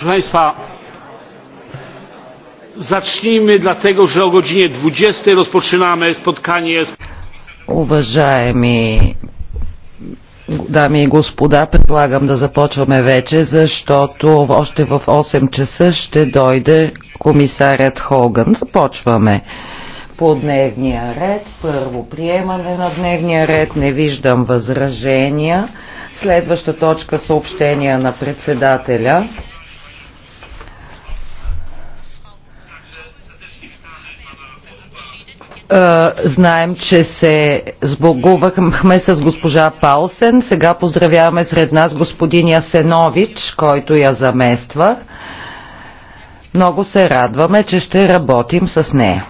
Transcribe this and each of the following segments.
Proszę Państwa, zacznijmy dlatego, że o godzinie 20 rozpoczynamy spotkanie z... Уважаеми дами и господа, предлагам да започваме вече, защото още в 8 часа ще дойде комисарят Хоган. Започваме по дневния ред. Първо приемане на дневния ред. Не виждам възражения. Следваща точка съобщения на председателя. знаем, че се сбогувахме с госпожа Паусен. Сега поздравяваме сред нас господин Ясенович, който я замества. Много се радваме, че ще работим с нея.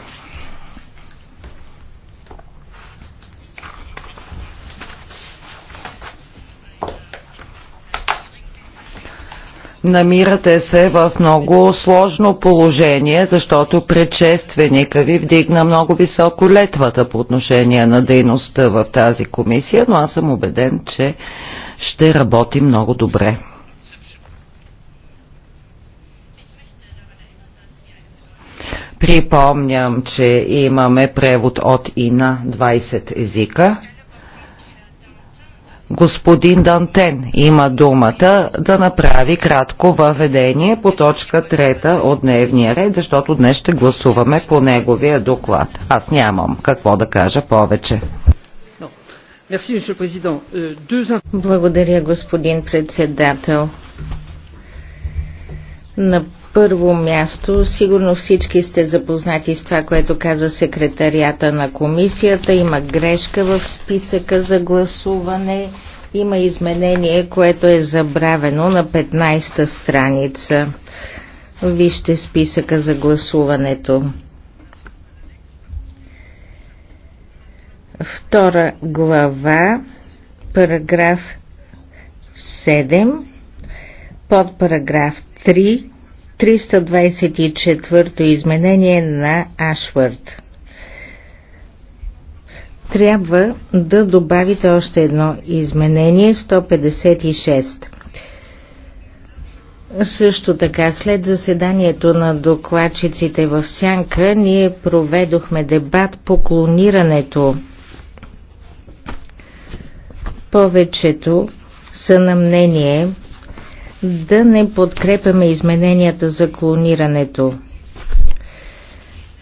Намирате се в много сложно положение, защото предшественика ви вдигна много високо летвата по отношение на дейността в тази комисия, но аз съм убеден, че ще работи много добре. Припомням, че имаме превод от и на 20 езика. Господин Дантен има думата да направи кратко въведение по точка трета от дневния ред, защото днес ще гласуваме по неговия доклад. Аз нямам какво да кажа повече. Euh, Благодаря, господин председател. На първо място, сигурно всички сте запознати с това, което каза секретарията на комисията. Има грешка в списъка за гласуване. Има изменение, което е забравено на 15-та страница. Вижте списъка за гласуването. Втора глава, параграф 7, под параграф 3, 324-то изменение на Ашвард. Трябва да добавите още едно изменение 156. Също така, след заседанието на докладчиците в Сянка, ние проведохме дебат по клонирането. Повечето са на мнение, да не подкрепяме измененията за клонирането.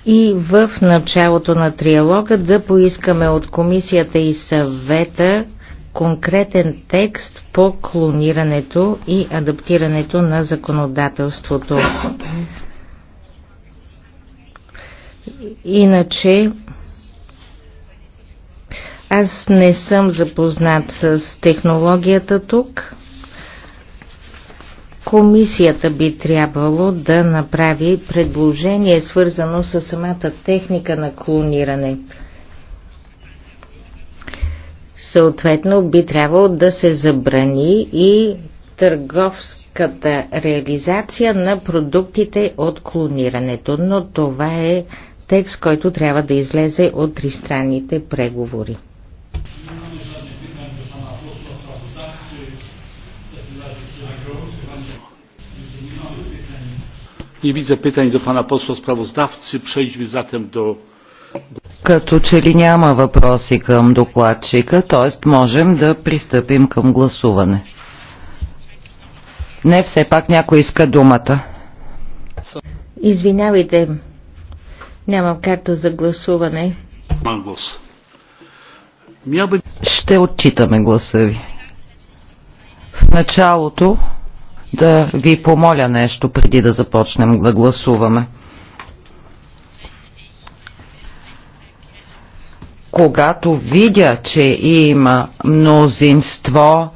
И в началото на триалога да поискаме от комисията и съвета конкретен текст по клонирането и адаптирането на законодателството. Иначе аз не съм запознат с технологията тук. Комисията би трябвало да направи предложение, свързано с самата техника на клониране. Съответно, би трябвало да се забрани и търговската реализация на продуктите от клонирането, но това е текст, който трябва да излезе от тристранните преговори. Nie widzę pytań do pana posła sprawozdawcy. Przejdźmy zatem do. Като че ли няма въпроси към докладчика, т.е. можем да пристъпим към гласуване. Не, все пак някой иска думата. Извинявайте, нямам карта за гласуване. Ще отчитаме гласа ви. В началото да ви помоля нещо преди да започнем да гласуваме. когато видя, че има мнозинство,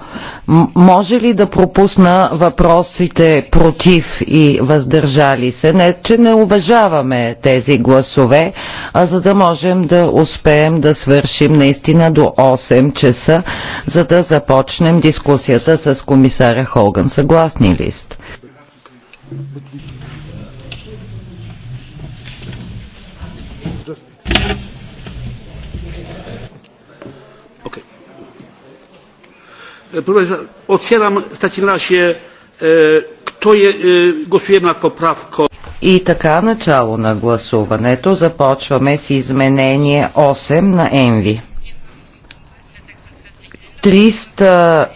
може ли да пропусна въпросите против и въздържали се? Не, че не уважаваме тези гласове, а за да можем да успеем да свършим наистина до 8 часа, за да започнем дискусията с комисаря Холган. Съгласни ли сте? E, otwieram w takim razie, e, kto je, e, głosujemy nad poprawką. И така, начало на гласуването. Започваме с изменение 8 на Енви. 300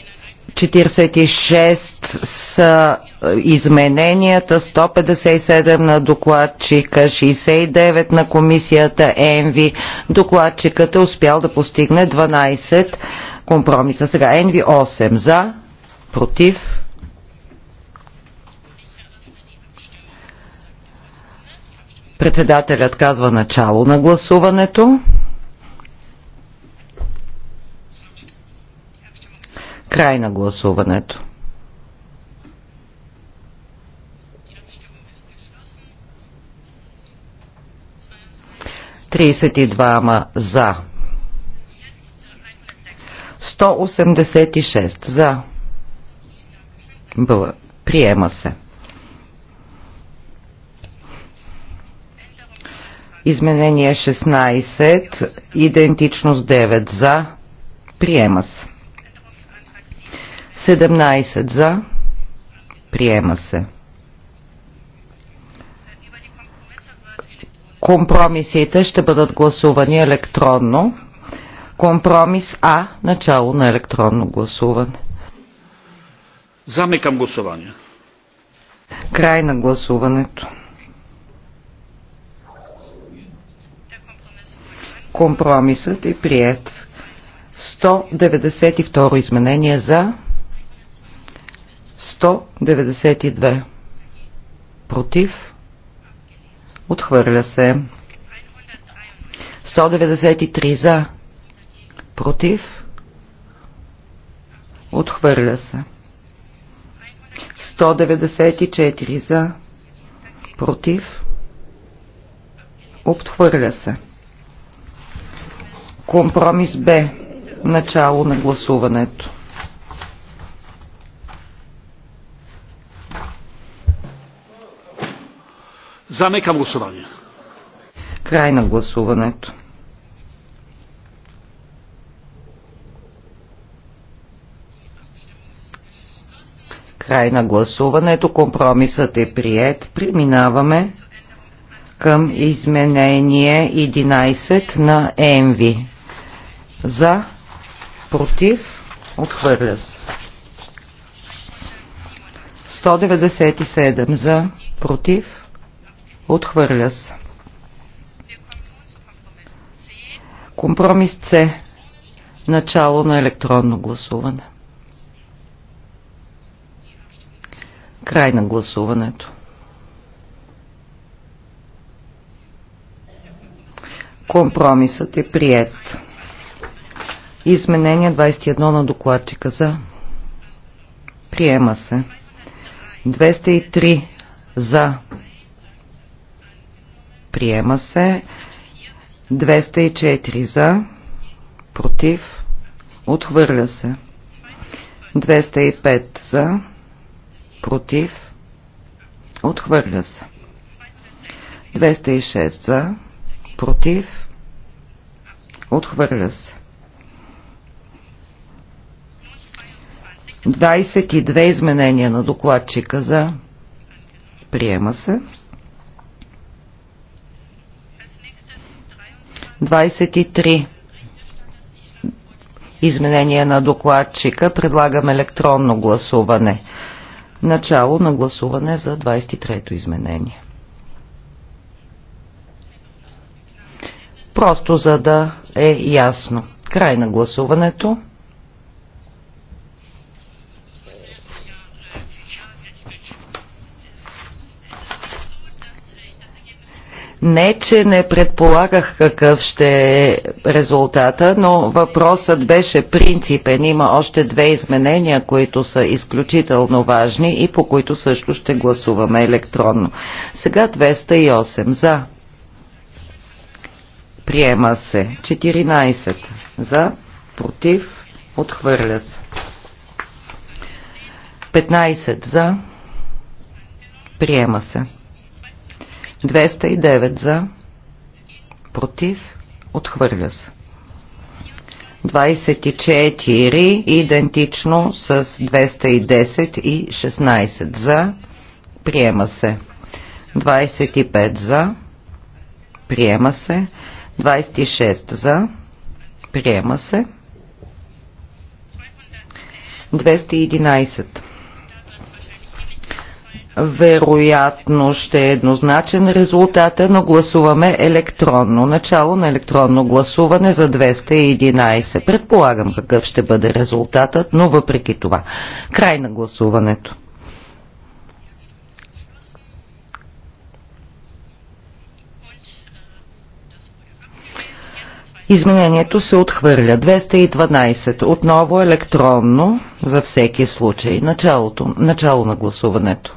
46 са е, измененията, 157 на докладчика, 69 на комисията ЕНВИ. Докладчикът е успял да постигне 12 компромиса. Сега ЕНВИ 8 за, против. Председателят казва начало на гласуването. Край на гласуването. Тридесет и двама за. 186 за. Бъл. Приема се. Изменение 16, идентичност 9 за. Приема се. 17 за. Приема се. Компромисите ще бъдат гласувани електронно. Компромис А. Начало на електронно гласуване. Замикам гласуване. Край на гласуването. Компромисът е прият. 192 изменение за 192. Против. Отхвърля се. 193 за. Против. Отхвърля се. 194 за. Против. Отхвърля се. Компромис Б. Начало на гласуването. Замекам гласуване. Край на гласуването. Край на гласуването. Компромисът е прият. Преминаваме към изменение 11 на ЕМВИ. За, против, отхвърля се. 197 за, против, Отхвърля се. Компромис С. Начало на електронно гласуване. Край на гласуването. Компромисът е прият. Изменение 21 на докладчика за. Приема се. 203 за. Приема се. 204 за. Против. Отхвърля се. 205 за. Против. Отхвърля се. 206 за. Против. Отхвърля се. 22 изменения на докладчика за. Приема се. 23 изменение на докладчика. Предлагам електронно гласуване. Начало на гласуване за 23-то изменение. Просто за да е ясно. Край на гласуването. Не, че не предполагах какъв ще е резултата, но въпросът беше принципен. Има още две изменения, които са изключително важни и по които също ще гласуваме електронно. Сега 208 за. Приема се. 14 за. Против. Отхвърля се. 15 за. Приема се. 209 за, против, отхвърля се. 24 идентично с 210 и 16 за, приема се. 25 за, приема се. 26 за, приема се. 211 вероятно ще е еднозначен резултата, но гласуваме електронно. Начало на електронно гласуване за 211. Предполагам какъв ще бъде резултатът, но въпреки това. Край на гласуването. Изменението се отхвърля. 212. Отново електронно за всеки случай. Началото, начало на гласуването.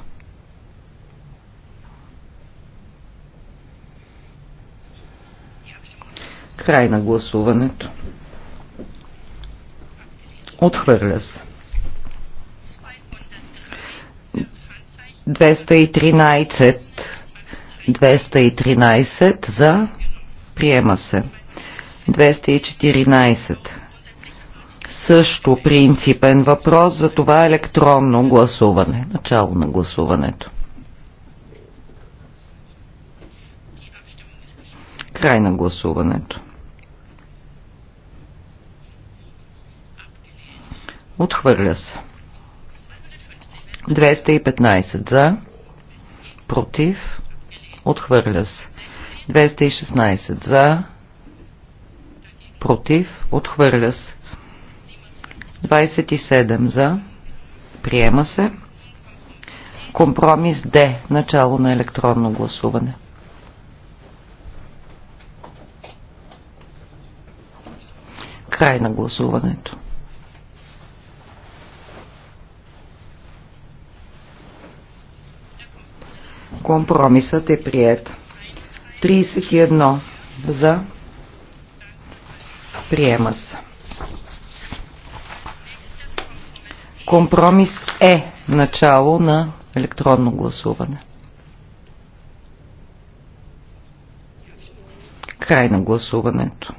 Край на гласуването. Отхвърля се. 213. 213 за. Приема се. 214. Също принципен въпрос за това електронно гласуване. Начало на гласуването. Край на гласуването. Отхвърля се. 215 за. Против. Отхвърля се. 216 за. Против. Отхвърля се. 27 за. Приема се. Компромис Д. Начало на електронно гласуване. Край на гласуването. Компромисът е прият. 31 за приема се. Компромис е начало на електронно гласуване. Край на гласуването.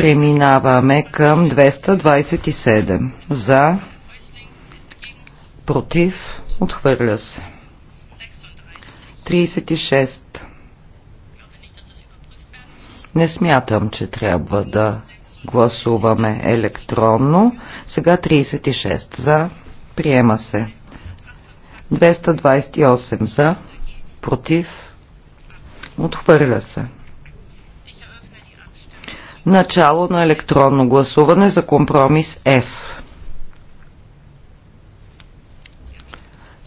Преминаваме към 227. За, против, отхвърля се. 36. Не смятам, че трябва да гласуваме електронно. Сега 36 за. Приема се. 228 за. Против. Отхвърля се начало на електронно гласуване за компромис F.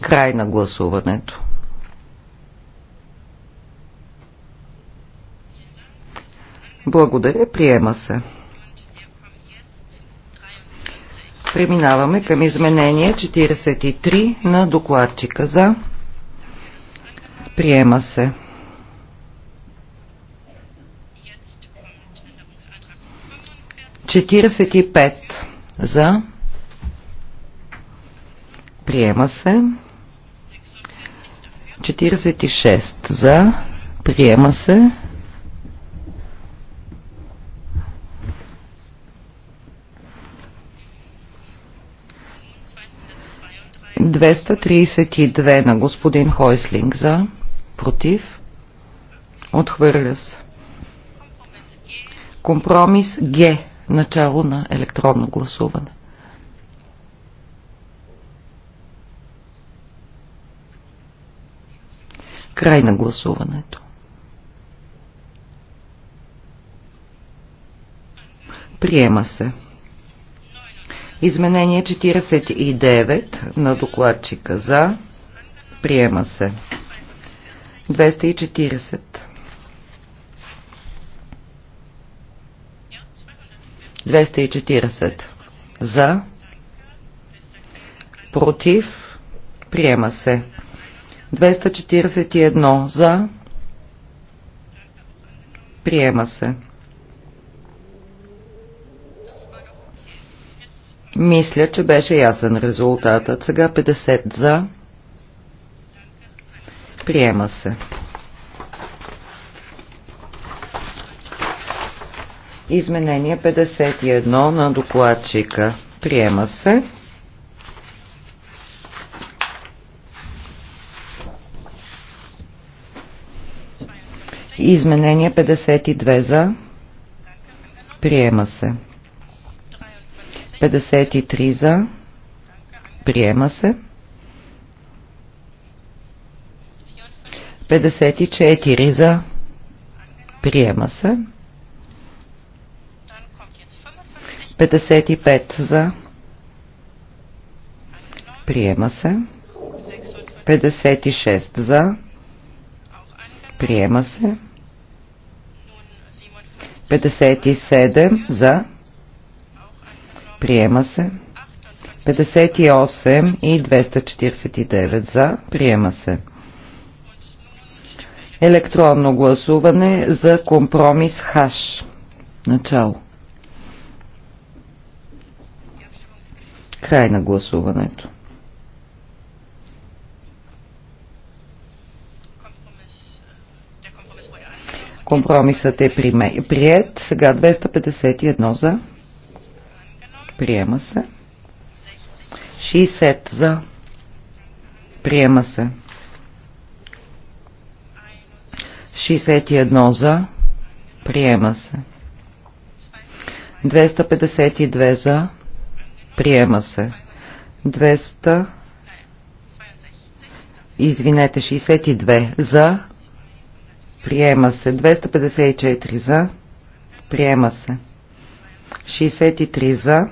Край на гласуването. Благодаря, приема се. Преминаваме към изменение 43 на докладчика за. Приема се. 45 за. Приема се. 46 за. Приема се. 232 на господин Хойслинг за, против, отхвърля се. Компромис Г начало на електронно гласуване. Край на гласуването. Приема се. Изменение 49 на докладчика за. Приема се. 240. 240 за, против, приема се. 241 за, приема се. Мисля, че беше ясен резултатът. Сега 50 за. Приема се. Изменение 51 на докладчика. Приема се. Изменение 52 за. Приема се. 53 за. Приема се. 54 за. Приема се. 55 за. Приема се. 56 за. Приема се. 57 за. Приема се. 58 и 249 за. Приема се. Електронно гласуване за компромис ХАШ. Начало. Край на гласуването. Компромисът е прият. Сега 251 за. Приема се. 60 за. Приема се. 61 за. Приема се. 252 за. Приема се. 200. Извинете, 62. За. Приема се. 254 за. Приема се. 63 за.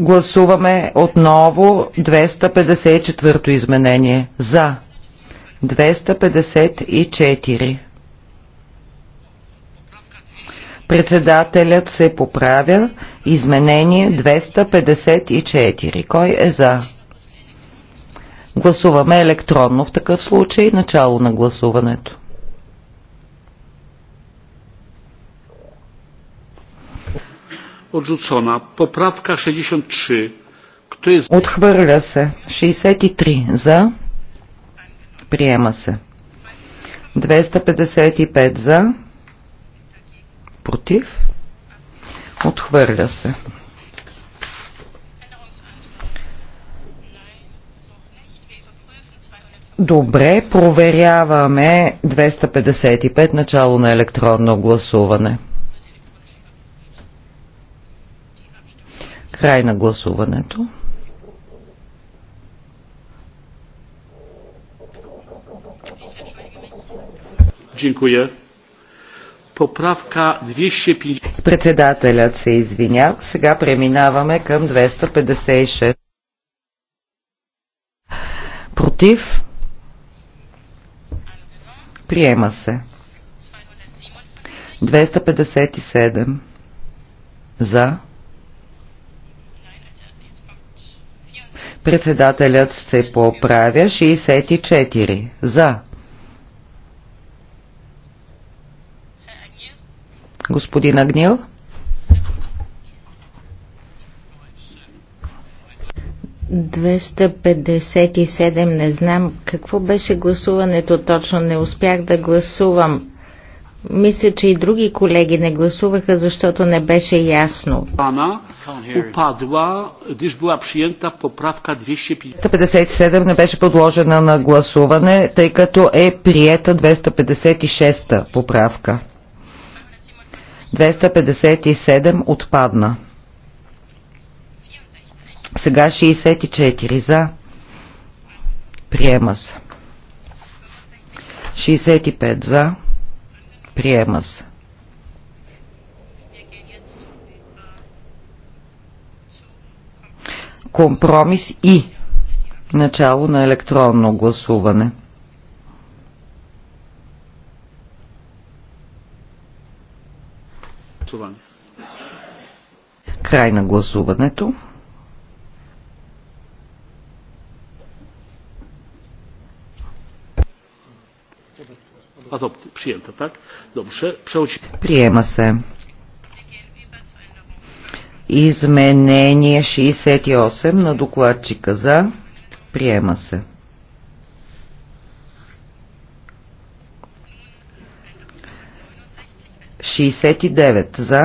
Гласуваме отново 254 то изменение. За. 254. Председателят се поправя. Изменение 254. Кой е за? Гласуваме електронно в такъв случай. Начало на гласуването. Odrzucona. Поправка 63. Kto jest... Отхвърля се. 63 за. Приема се. 255 за. Против. Отхвърля се. Добре, проверяваме 255 начало на електронно гласуване. Край на гласуването. Dziękuję. Поправка 250. Председателят се извиня. Сега преминаваме към 256. Против. Приема се. 257. За. Председателят се поправя 64. За. господин Агнил. Двеста не знам какво беше гласуването точно, не успях да гласувам. Мисля, че и други колеги не гласуваха, защото не беше ясно. упадла, диш била приемта поправка 257 не беше подложена на гласуване, тъй като е приета 256 поправка. 257 отпадна. Сега 64 за. Приема се. 65 за. Приема се. Компромис и начало на електронно гласуване. Край на гласуването. Приема се. Изменение 68 на докладчика за. Приема се. Шестьдесят девять за.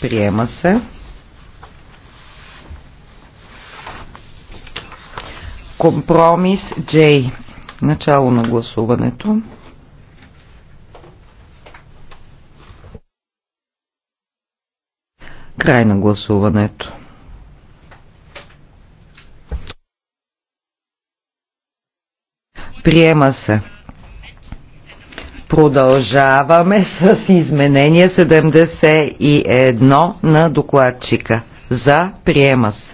Приема се. Компромис J. Начало на гласуването. Край на гласуването. Приема се. Продължаваме с изменение 71 на докладчика. За приема с.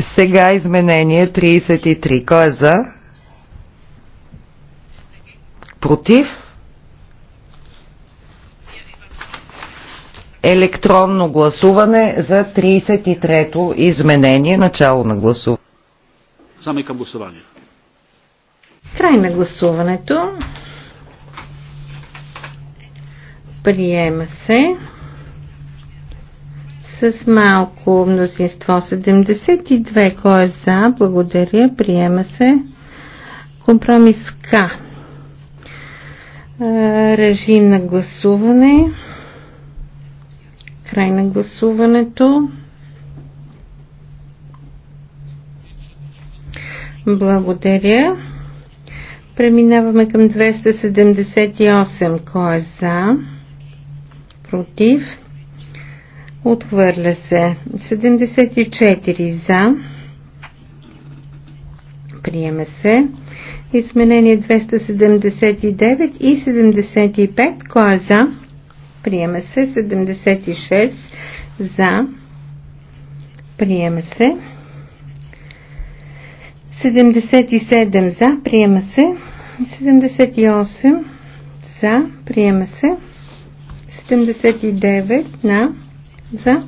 Сега изменение 33. Кой е за? Против? електронно гласуване за 33-то изменение, начало на гласуване. към гласуване. Край на гласуването. Приема се с малко мнозинство 72. Кой е за? Благодаря. Приема се. Компромис К. Режим на гласуване. Край на гласуването. Благодаря. Преминаваме към 278. Кой е за? Против? Отхвърля се. 74 за. Приеме се. Изменение 279 и 75. Кой е за? Приема се. 76 за. Приема се. 77 за. Приема се. 78 за. Приема се. 79 на. За.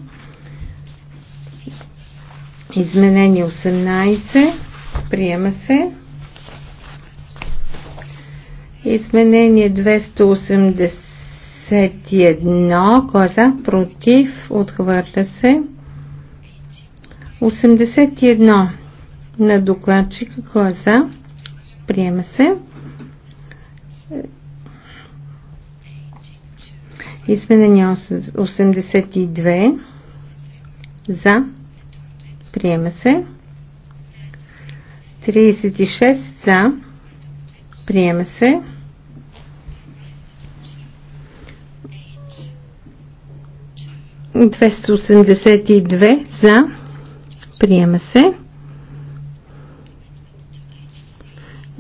Изменение 18. Приема се. Изменение 280 81. Кой е за? Против. Отхвърля се. 81. На докладчика. Кой е за? Приема се. Изменение 82. За. Приема се. 36 за. Приема се. 282 за. Приема се.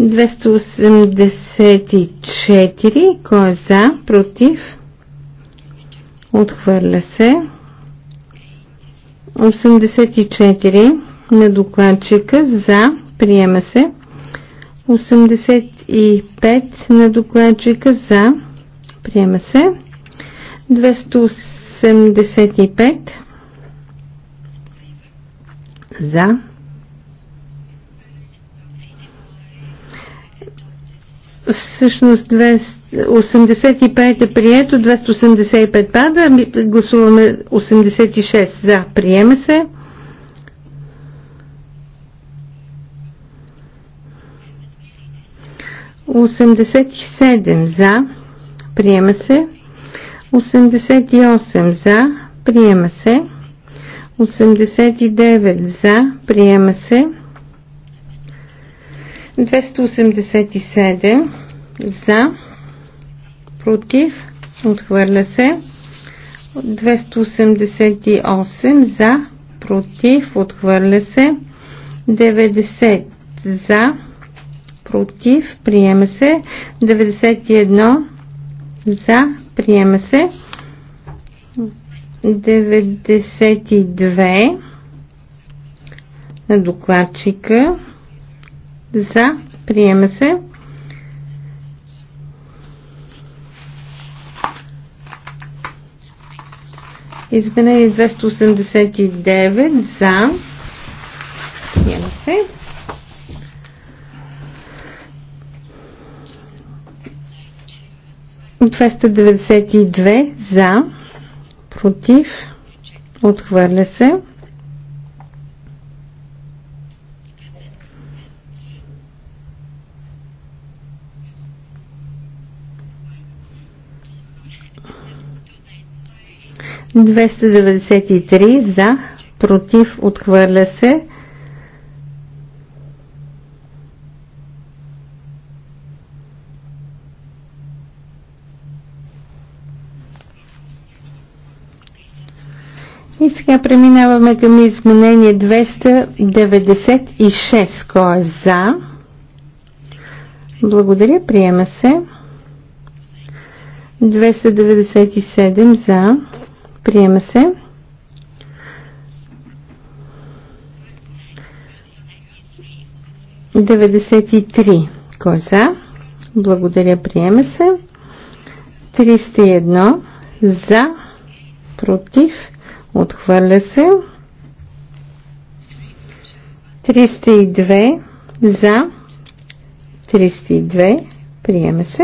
284. Кой е за? Против? Отхвърля се. 84 на докладчика за. Приема се. 85 на докладчика за. Приема се. 280. 85 за всъщност 85 е прието, 285 пада, ами гласуваме 86 за, приема се. Осемдесет и седем за, приема се. 88 за, приема се. 89 за, приема се. 287 за, против, отхвърля се. 288 за, против, отхвърля се. 90 за, против, приема се. 91 за, приема се. 92 на докладчика за, приема се. Изменение 289 за, приема се. 292 за, против, отхвърля се. Двеста за, против, отхвърля се. И сега преминаваме към изменение 296. Кой е за? Благодаря, приема се. 297 за. Приема се. 93. Кой е за? Благодаря, приема се. 301 за. Против. Отхвърля се. 302 за. 302. Приема се.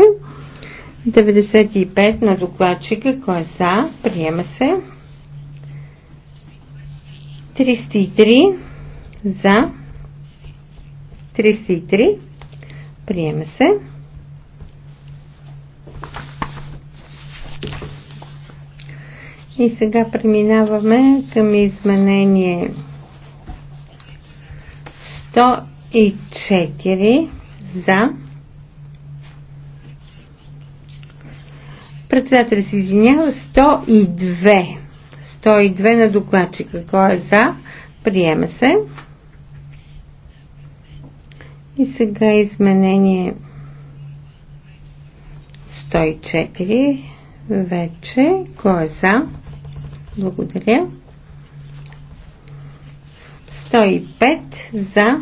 95 на докладчика. Кой е за? Приема се. 303 за. 303. Приема се. И сега преминаваме към изменение 104 за. Председател се извинява 102. 102 на докладчика. Кой е за? Приема се. И сега изменение 104 вече. Кой е за? Благодаря. 105 за.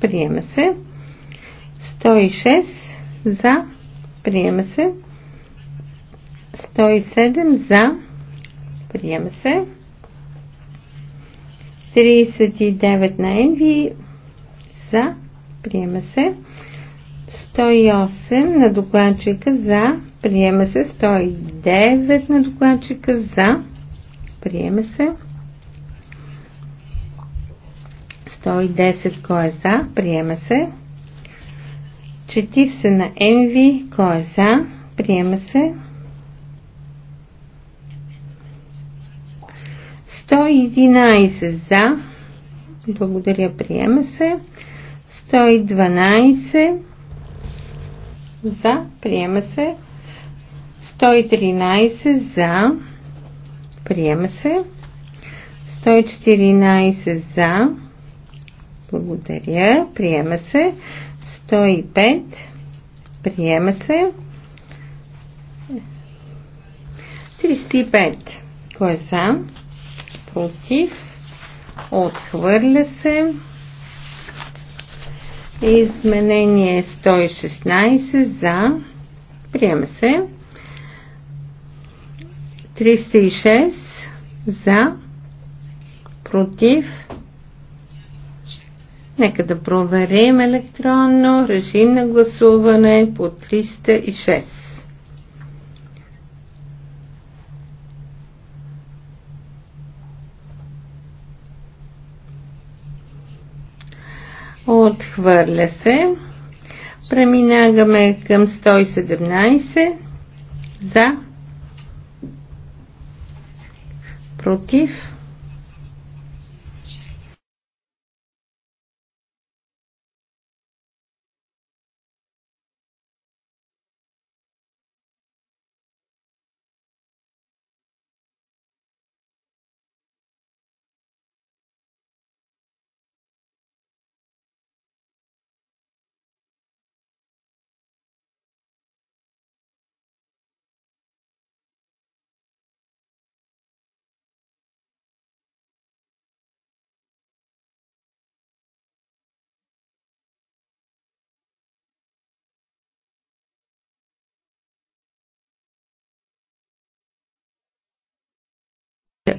Приема се. 106 за. Приема се. 107 за. Приема се. 39 на Енви за. Приема се. 108 на докладчика за. Приема се. 109 на докладчика за. Приеме се. 110 кой е за? Приеме се. 40 на МВ кой е за? Приеме се. 111 за. Благодаря, приема се. 112 за, приема се. 113 за, Приема се. 114 за. Благодаря. Приема се. 105. Приема се. 35. Кой е за? Против. Отхвърля се. Изменение 116 за. Приема се. 306 за, против. Нека да проверим електронно режим на гласуване по 306. Отхвърля се. Преминаваме към 117 за против,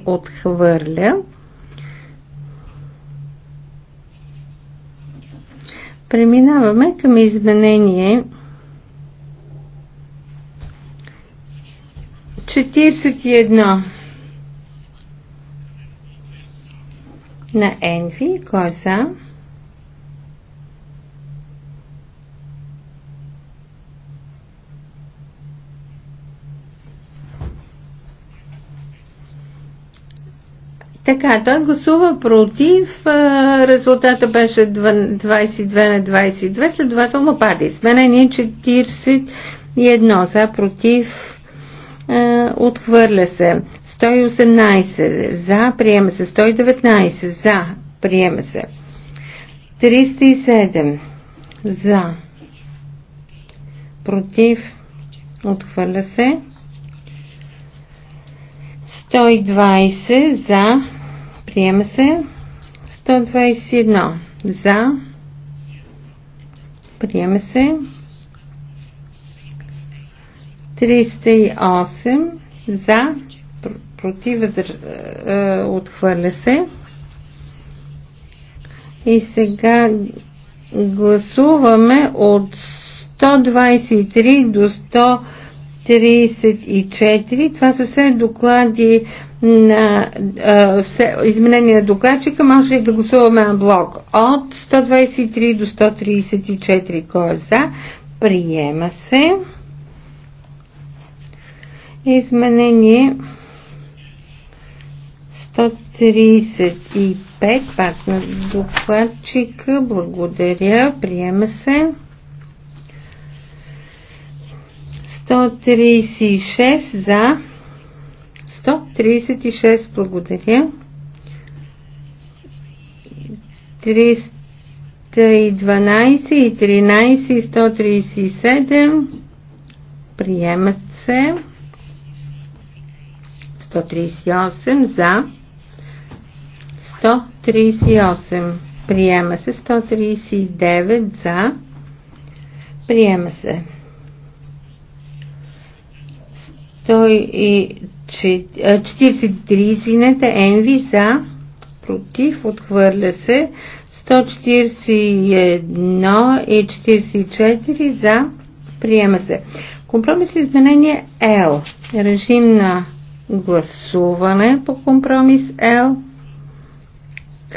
отхвърля. Преминаваме към изменение 41 на Envy, кой са? Е Така, той гласува против. Резултата беше 22 на 22, следователно пада. Изменение 41 за против. Отхвърля се. 118 за, приема се. 119 за, приема се. 307 за, против, отхвърля се. 120 за, Приема се. 121 за. Приема се. 308 за. Против. Е, е, отхвърля се. И сега гласуваме от 123 до 134. Това са все доклади на а, все, изменение на докладчика може да гласуваме на блок от 123 до 134. Кой е за? Приема се. Изменение 135 пак на докладчика. Благодаря. Приема се. 136 за 136. Благодаря. 312 и 13 и 137. Приемат се. 138 за. 138. Приема се 139 за. Приема се. 140 43, извинете, Енви за, против, отхвърля се. 141 и 44 за, приема се. Компромис изменение L. Режим на гласуване по компромис L.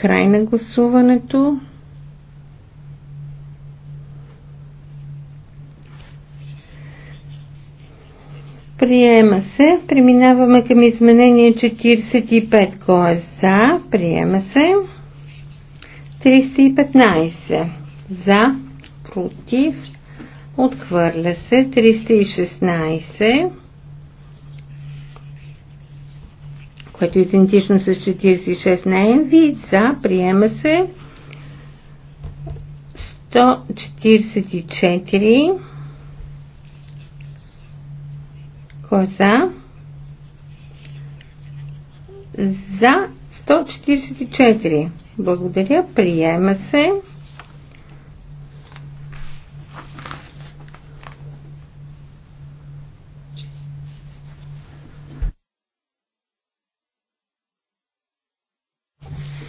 Край на гласуването. Приема се. Преминаваме към изменение 45. Кой е за? Приема се. 315. За. Против. Отхвърля се. 316. Което е идентично с 46 на Енви. За. Приема се. 144. Кой е за? За 144. Благодаря. Приема се.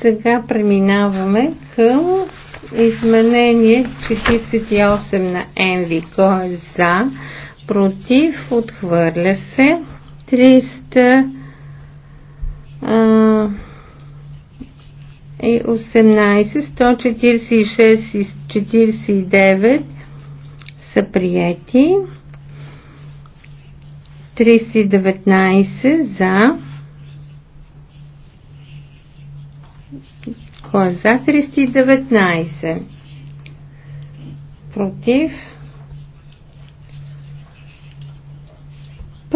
сега преминаваме към изменение 48 на Енви. Кой е за? против, отхвърля се. 300 18, 146 и 49 са приети. 319 за. Кой е за 319? Против.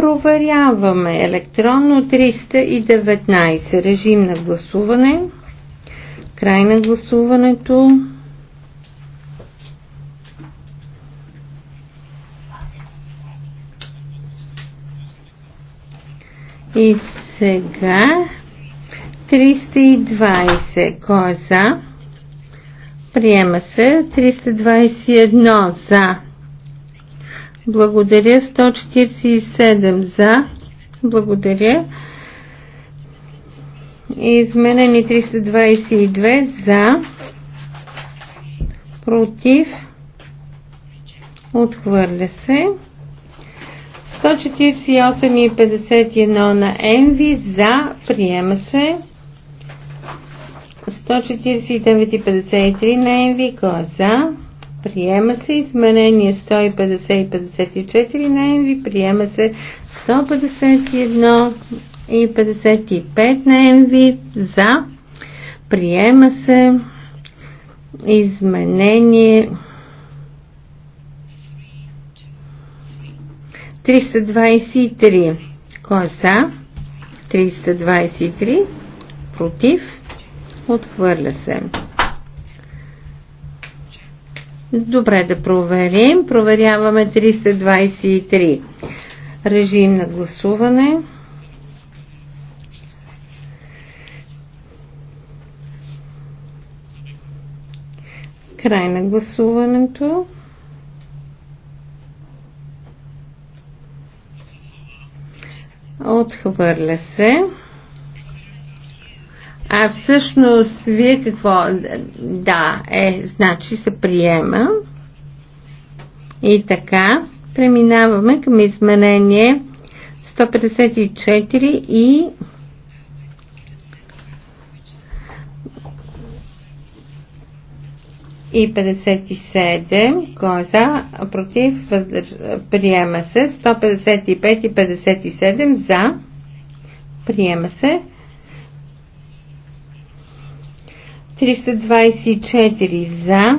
Проверяваме електронно 319. Режим на гласуване. Край на гласуването. И сега 320. Кой е за? Приема се. 321 за. Благодаря. 147 за. Благодаря. Изменени 322 за. Против. Отхвърля се. 148,51 на Енви за. Приема се. 149,53 на Енви. Кой е за? приема се. Изменение 150 и 54 на Енви, приема се 151 и 55 на Енви, за, приема се. Изменение 323. Кой е за? 323. Против. Отхвърля се. Добре да проверим. Проверяваме 323. Режим на гласуване. Край на гласуването. Отхвърля се. А всъщност, вие какво? Да, е, значи се приема. И така, преминаваме към изменение 154 и и 57, кой е за, против, въздърж... приема се, 155 и 57 за, приема се, 324 за,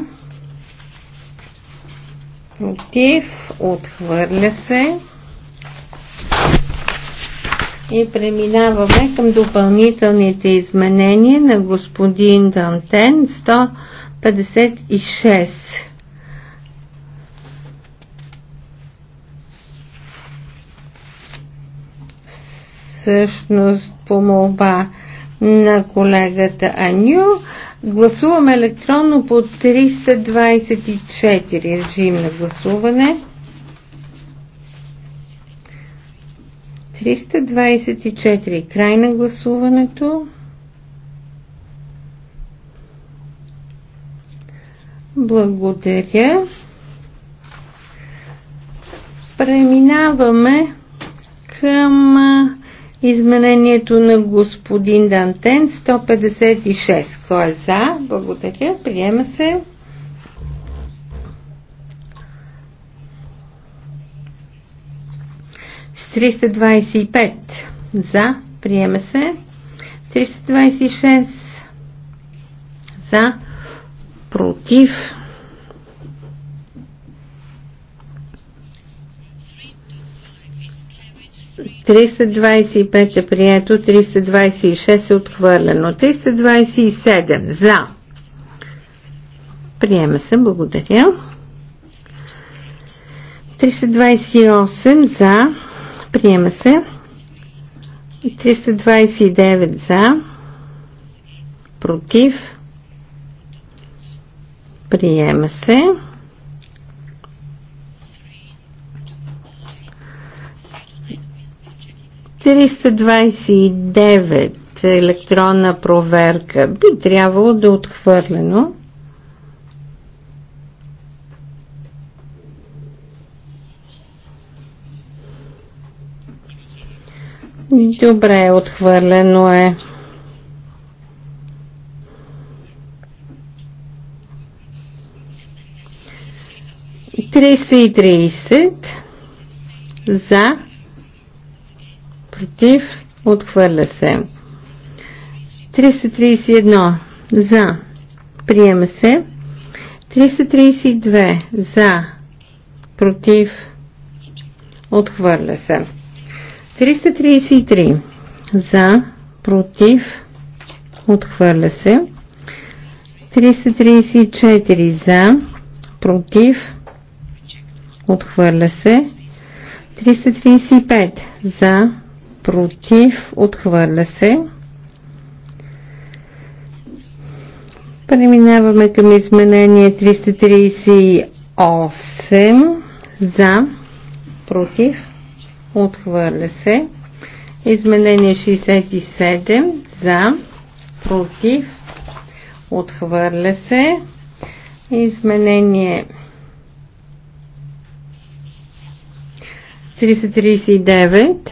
против, отхвърля се. И преминаваме към допълнителните изменения на господин Дантен 156. Всъщност по молба на колегата Аню Гласуваме електронно по 324 режим на гласуване. 324 край на гласуването. Благодаря. Преминаваме към Изменението на господин Дантен 156. Кой е за? Благодаря. Приема се. С 325. За. Приема се. 326. За. Против. 325 е прието, 326 е отхвърлено, 327 за. Приема се, благодаря. 328 за. Приема се. 329 за. Против. Приема се. 329 електронна проверка би трябвало да е отхвърлено. Добре, отхвърлено е. Триста и тридесет за против, отхвърля се. 331 за, приема се. 332 за, против, отхвърля се. 333 за, против, отхвърля се. 334 за, против, отхвърля се. 335 за, против, отхвърля се. Преминаваме към изменение 338 за, против, отхвърля се. Изменение 67 за, против, отхвърля се. Изменение 339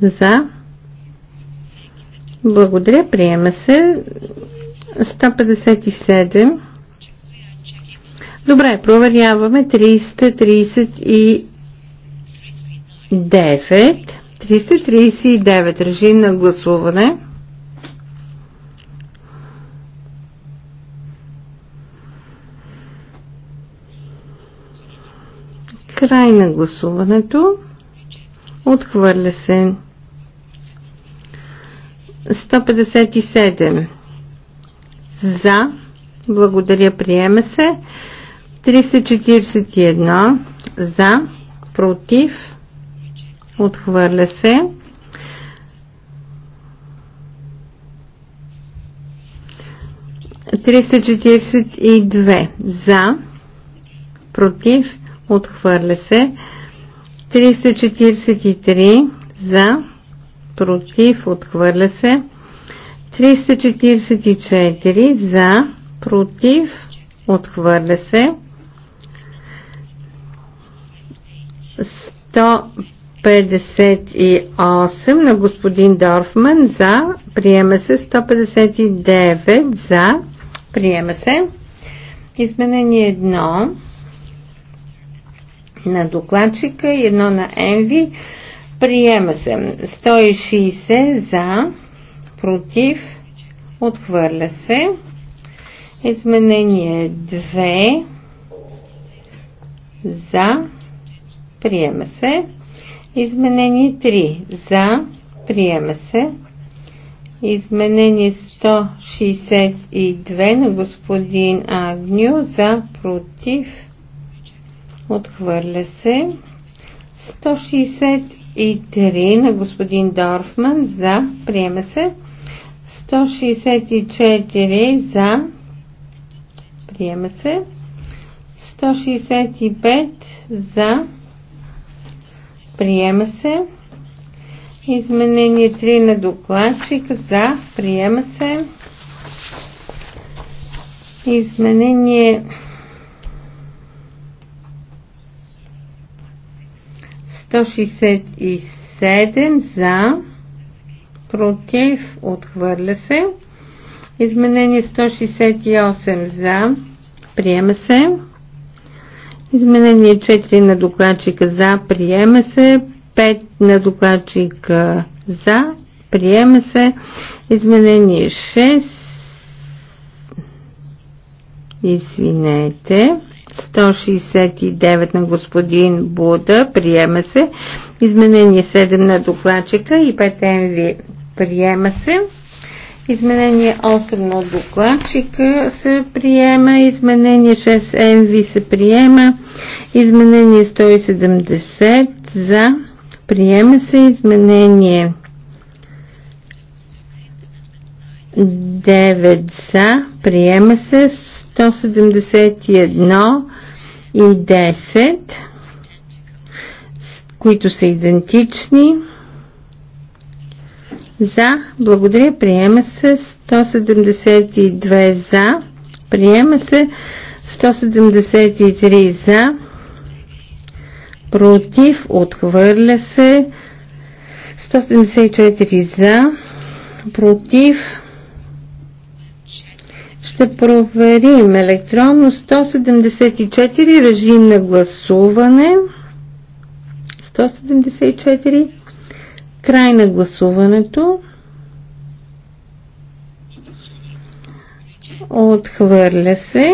За. Благодаря, приема се. 157. Добре, проверяваме 339. 339 режим на гласуване. Край на гласуването. Отхвърля се. 157 за, благодаря, приема се. 341 за, против, отхвърля се. 342 за, против, отхвърля се. 343 за, против, отхвърля се. 344 за, против, отхвърля се. 158 на господин Дорфман за, приема се. 159 за, приема се. Изменение 1 на докладчика и едно на Енви Приема се. 160 за, против, отхвърля се. Изменение 2 за, приема се. Изменение 3 за, приема се. Изменение 162 на господин Агню за, против, отхвърля се. 163 на господин Дорфман за. Приема се. 164 за. Приема се. 165 за. Приема се. Изменение 3 на докладчик за. Приема се. Изменение 167 за, против, отхвърля се. Изменение 168 за, приема се. Изменение 4 на докладчика за, приема се. 5 на докладчика за, приема се. Изменение 6. Извинете. 169 на господин Буда. Приема се. Изменение 7 на докладчика и 5 МВ. Приема се. Изменение 8 на докладчика се приема, изменение 6 МВ се приема, изменение 170 за, приема се, изменение 9 за, приема се, 171 и 10, които са идентични. За. Благодаря. Приема се 172 за. Приема се 173 за. Против. Отхвърля се. 174 за. Против. Ще проверим електронно 174 режим на гласуване. 174 край на гласуването. Отхвърля се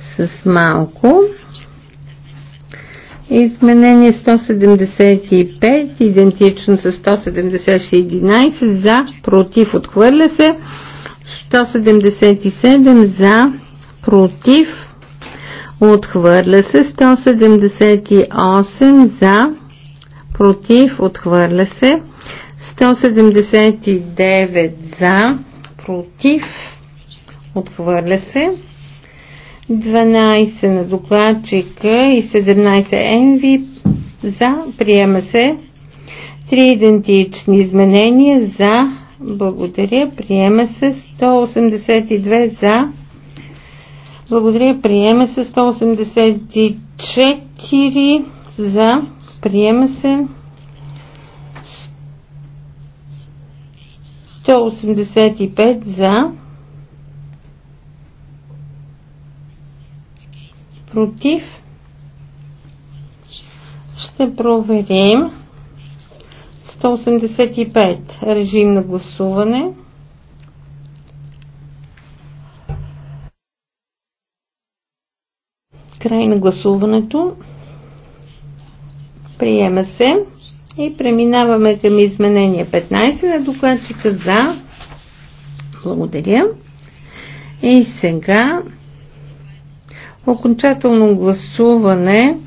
с малко. Изменение 175, идентично с 170 11, за, против, отхвърля се. 177 за, против, отхвърля се. 178 за, против, отхвърля се. 179 за, против, отхвърля се. 12 на докладчика и 17 енви за, приема се. 3 идентични изменения за, благодаря, приема се 182 за. Благодаря. Приема се 184 за. Приема се 185 за. Против. Ще проверим. 185. Режим на гласуване. Край на гласуването. Приема се. И преминаваме към изменение 15 на докладчика за. Благодаря. И сега окончателно гласуване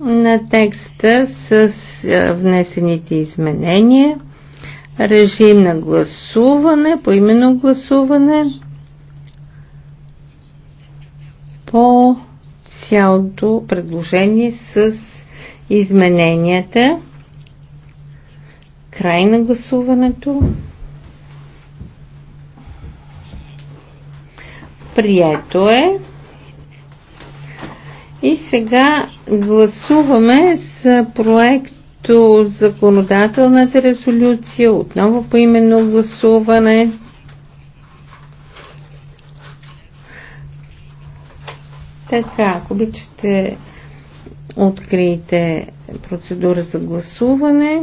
на текста с е, внесените изменения. Режим на гласуване, поименно гласуване по цялото предложение с измененията. Край на гласуването. Прието е. И сега гласуваме с проекто законодателната резолюция, отново по именно гласуване. Така, ако обичате, откриете процедура за гласуване.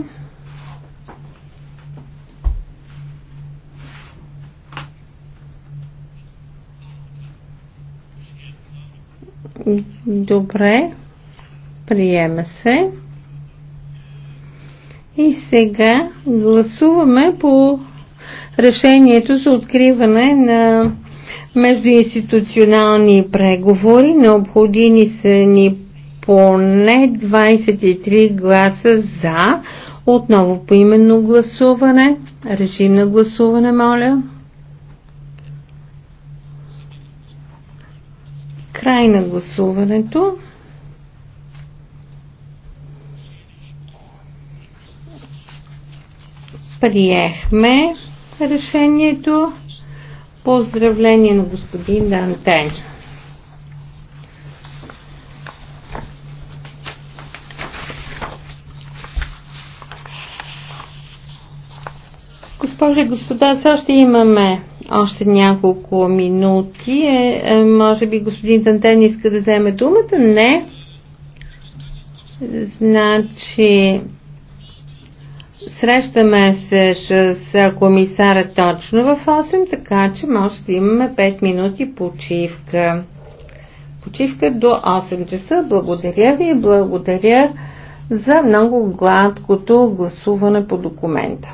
Добре, приема се. И сега гласуваме по решението за откриване на междуинституционални преговори. Необходими са ни поне 23 гласа за. Отново по именно гласуване. Режим на гласуване, моля. Край на гласуването. Приехме решението. Поздравление на господин Дантен. Госпожи и господа, все още имаме още няколко минути. Е, е, може би господин Дантен иска да вземе думата? Не. Значи, Срещаме се с комисара точно в 8, така че може да имаме 5 минути почивка. Почивка до 8 часа. Благодаря ви и благодаря за много гладкото гласуване по документа.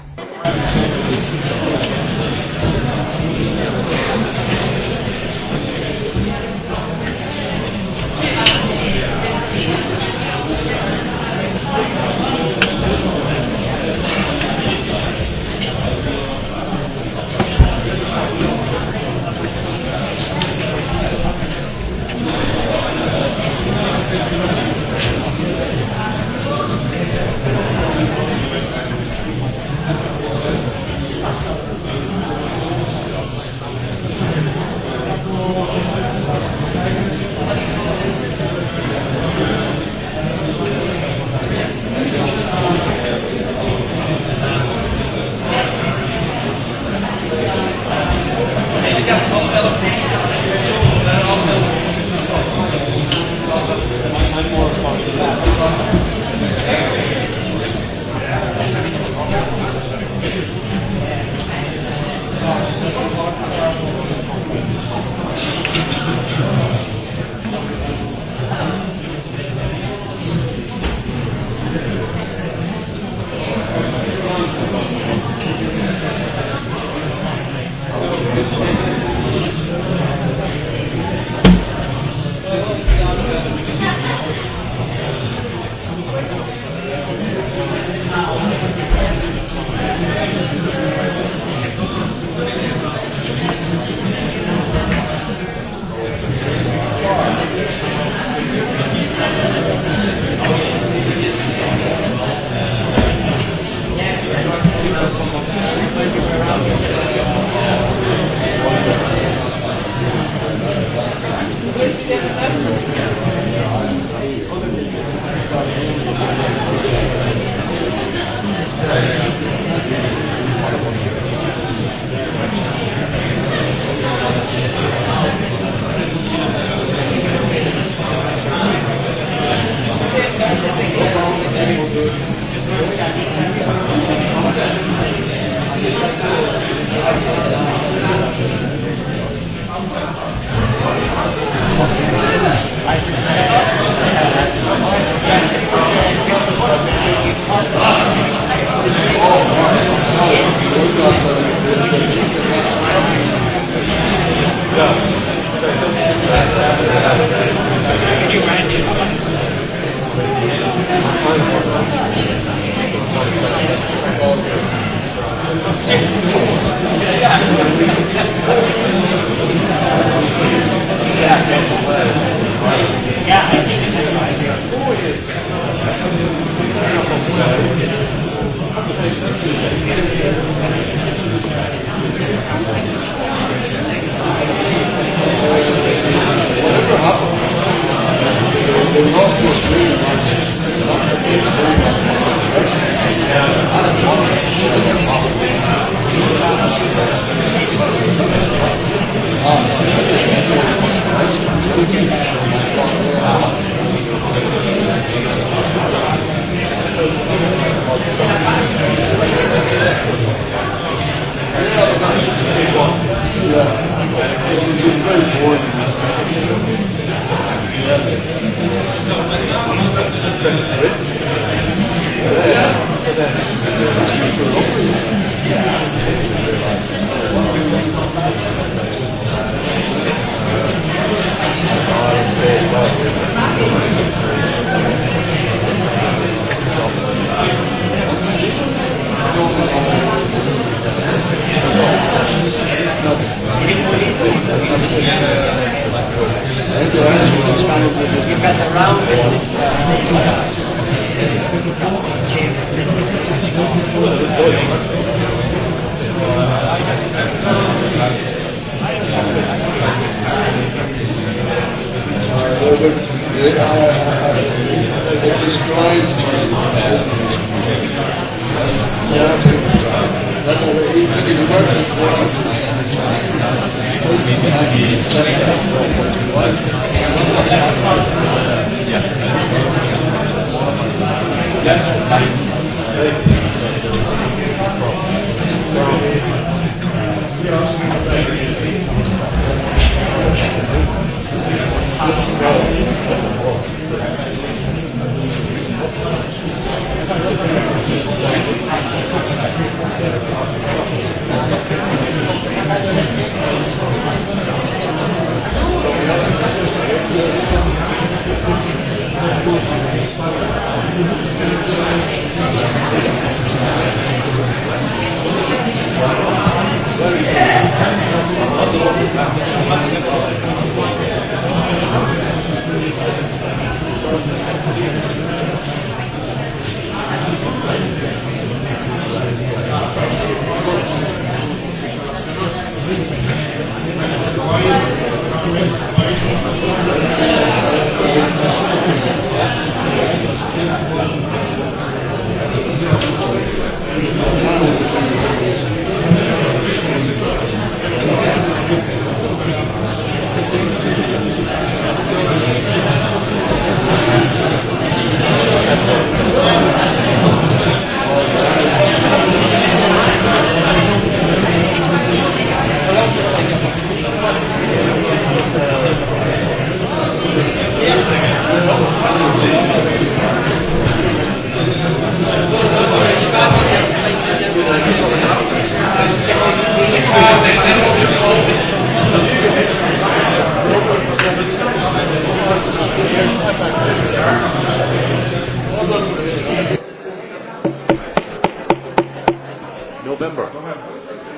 November.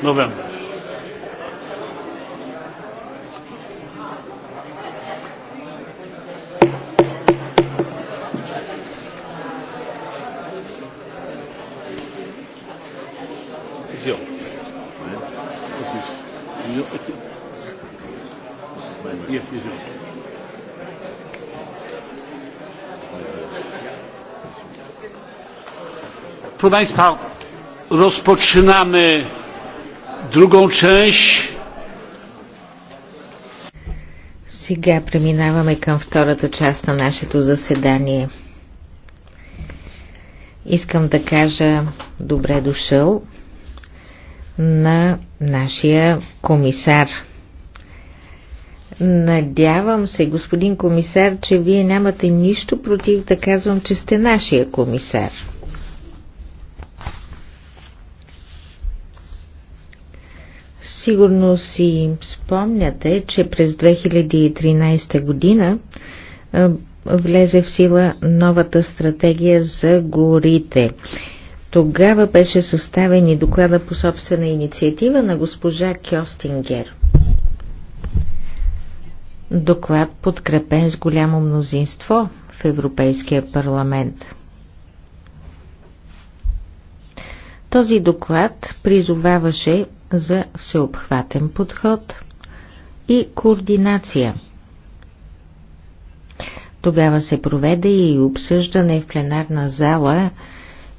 November. Proszę Państwa, rozpoczynamy drugą część. Сега преминаваме към втората част на нашето заседание. Искам да кажа добре дошъл на нашия комисар. Надявам се, господин комисар, че вие нямате нищо против да казвам, че сте нашия комисар. Сигурно си спомняте, че през 2013 година влезе в сила новата стратегия за горите. Тогава беше съставен и доклада по собствена инициатива на госпожа Кьостингер. Доклад подкрепен с голямо мнозинство в Европейския парламент. Този доклад призоваваше за всеобхватен подход и координация. Тогава се проведе и обсъждане в пленарна зала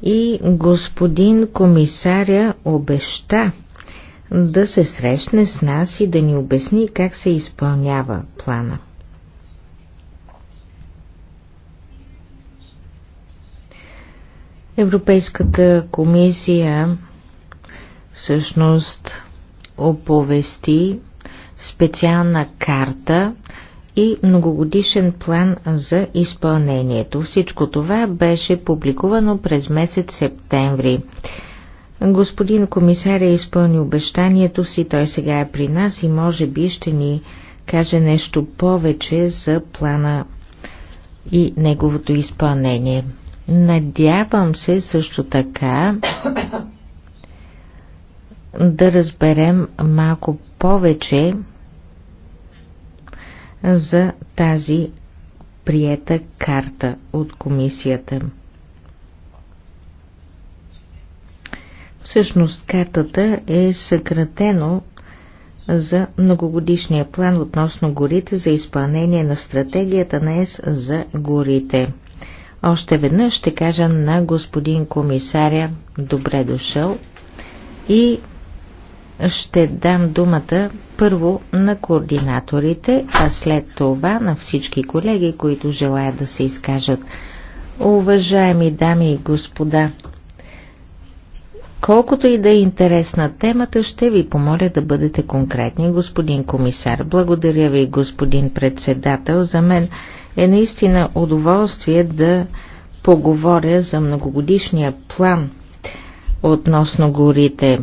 и господин комисаря обеща да се срещне с нас и да ни обясни как се изпълнява плана. Европейската комисия всъщност оповести специална карта и многогодишен план за изпълнението. Всичко това беше публикувано през месец септември. Господин комисаря е изпълни обещанието си, той сега е при нас и може би ще ни каже нещо повече за плана и неговото изпълнение. Надявам се също така да разберем малко повече за тази приета карта от комисията. Всъщност картата е съкратено за многогодишния план относно горите за изпълнение на стратегията на ЕС за горите. Още веднъж ще кажа на господин комисаря добре дошъл и ще дам думата първо на координаторите, а след това на всички колеги, които желаят да се изкажат. Уважаеми дами и господа, колкото и да е интересна темата, ще ви помоля да бъдете конкретни, господин комисар. Благодаря ви, господин председател. За мен е наистина удоволствие да поговоря за многогодишния план относно горите.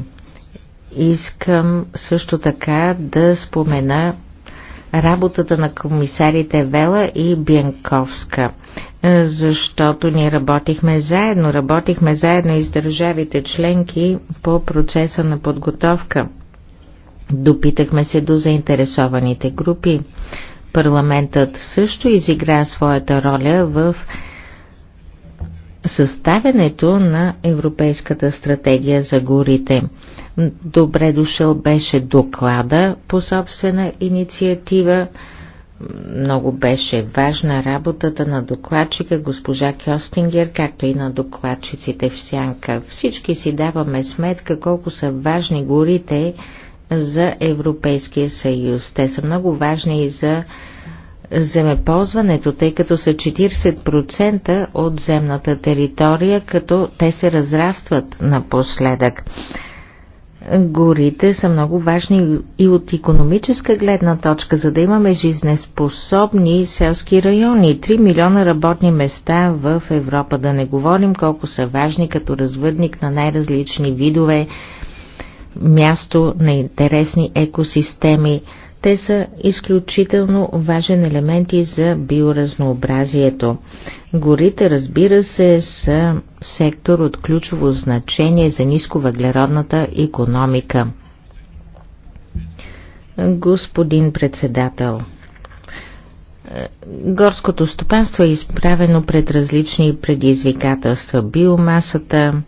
Искам също така да спомена работата на комисарите Вела и Бянковска, защото ние работихме заедно, работихме заедно и с държавите членки по процеса на подготовка. Допитахме се до заинтересованите групи. Парламентът също изигра своята роля в съставянето на Европейската стратегия за горите. Добре дошъл беше доклада по собствена инициатива. Много беше важна работата на докладчика госпожа Кьостингер, както и на докладчиците в Сянка. Всички си даваме сметка колко са важни горите за Европейския съюз. Те са много важни и за земеползването, тъй като са 40% от земната територия, като те се разрастват напоследък горите са много важни и от економическа гледна точка, за да имаме жизнеспособни селски райони. 3 милиона работни места в Европа, да не говорим колко са важни като развъдник на най-различни видове, място на интересни екосистеми. Те са изключително важен елемент и за биоразнообразието. Горите, разбира се, са сектор от ключово значение за нисковъглеродната економика. Господин председател, горското стопанство е изправено пред различни предизвикателства. Биомасата,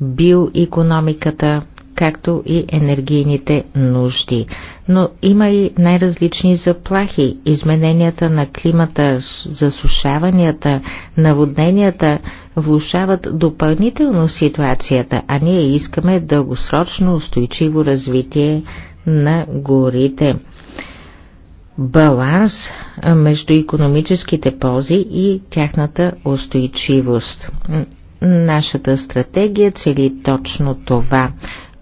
биоекономиката – както и енергийните нужди. Но има и най-различни заплахи. Измененията на климата, засушаванията, наводненията влушават допълнително ситуацията, а ние искаме дългосрочно устойчиво развитие на горите. Баланс между економическите ползи и тяхната устойчивост. Нашата стратегия цели точно това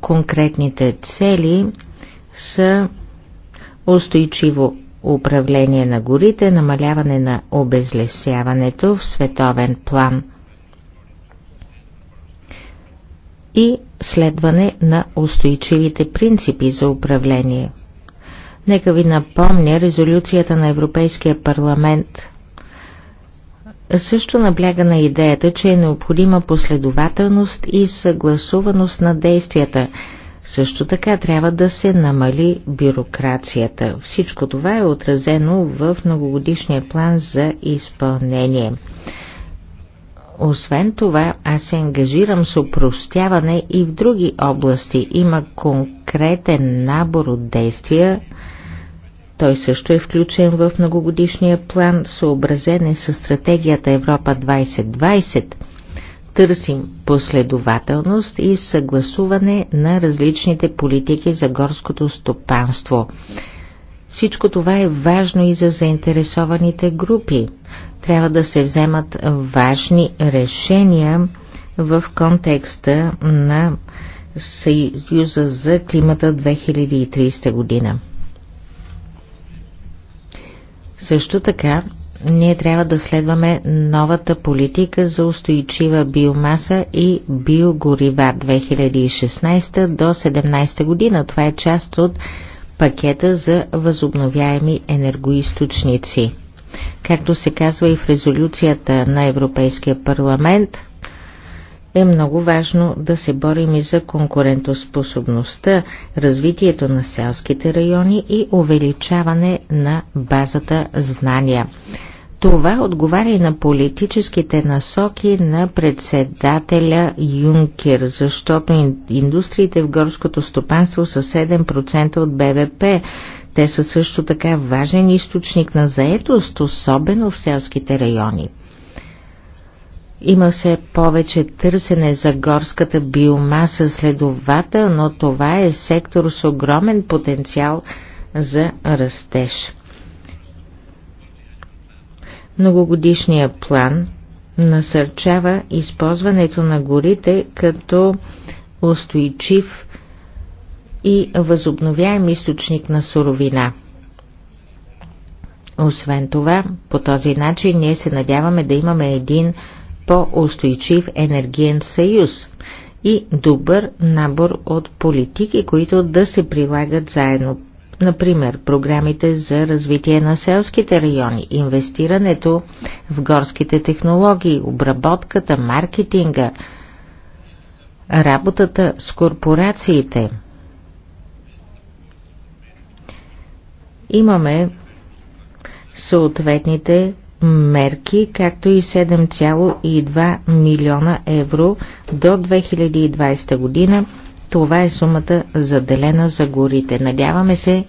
конкретните цели са устойчиво управление на горите, намаляване на обезлесяването в световен план и следване на устойчивите принципи за управление. Нека ви напомня резолюцията на Европейския парламент също набляга на идеята, че е необходима последователност и съгласуваност на действията. Също така трябва да се намали бюрокрацията. Всичко това е отразено в многогодишния план за изпълнение. Освен това, аз се ангажирам с упростяване и в други области. Има конкретен набор от действия, той също е включен в многогодишния план, съобразен е с стратегията Европа 2020. Търсим последователност и съгласуване на различните политики за горското стопанство. Всичко това е важно и за заинтересованите групи. Трябва да се вземат важни решения в контекста на Съюза за климата 2030 година. Също така, ние трябва да следваме новата политика за устойчива биомаса и биогорива 2016 до 2017 година. Това е част от пакета за възобновяеми енергоисточници. Както се казва и в резолюцията на Европейския парламент – е много важно да се борим и за конкурентоспособността, развитието на селските райони и увеличаване на базата знания. Това отговаря и на политическите насоки на председателя Юнкер, защото индустриите в горското стопанство са 7% от БВП. Те са също така важен източник на заетост, особено в селските райони. Има все повече търсене за горската биомаса, но това е сектор с огромен потенциал за растеж. Многогодишният план насърчава използването на горите като устойчив и възобновяем източник на суровина. Освен това, по този начин ние се надяваме да имаме един по-устойчив енергиен съюз и добър набор от политики, които да се прилагат заедно. Например, програмите за развитие на селските райони, инвестирането в горските технологии, обработката, маркетинга, работата с корпорациите. Имаме съответните мерки, както и 7,2 милиона евро до 2020 година. Това е сумата заделена за горите. Надяваме се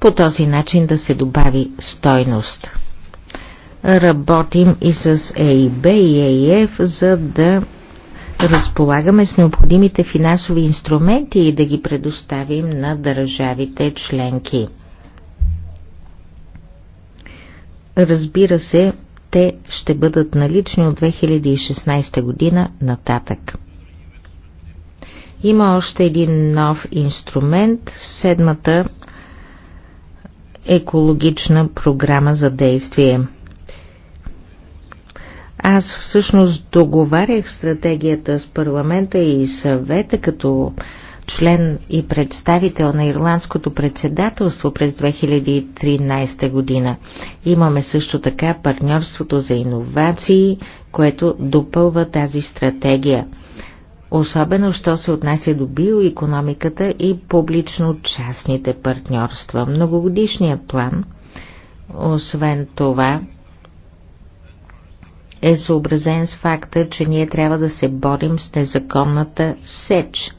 по този начин да се добави стойност. Работим и с ЕИБ и ЕИФ, за да разполагаме с необходимите финансови инструменти и да ги предоставим на държавите членки. Разбира се, те ще бъдат налични от 2016 година нататък. Има още един нов инструмент, седмата екологична програма за действие. Аз всъщност договарях стратегията с парламента и съвета като член и представител на Ирландското председателство през 2013 година. Имаме също така партньорството за иновации, което допълва тази стратегия. Особено, що се отнася до биоекономиката и публично-частните партньорства. Многогодишният план, освен това, е съобразен с факта, че ние трябва да се борим с незаконната сеч.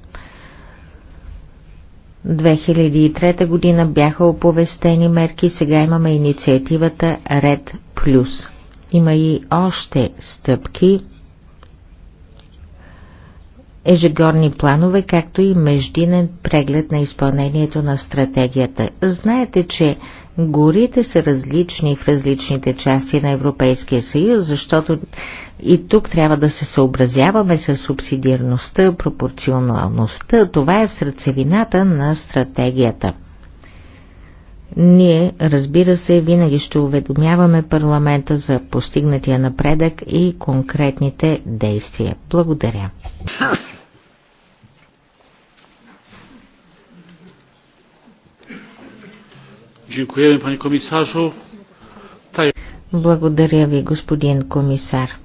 2003 година бяха оповестени мерки, сега имаме инициативата Ред Плюс. Има и още стъпки, ежегодни планове, както и междинен преглед на изпълнението на стратегията. Знаете, че горите са различни в различните части на Европейския съюз, защото и тук трябва да се съобразяваме с субсидиарността, пропорционалността. Това е в сърцевината на стратегията. Ние, разбира се, винаги ще уведомяваме парламента за постигнатия напредък и конкретните действия. Благодаря. Благодаря ви, господин комисар.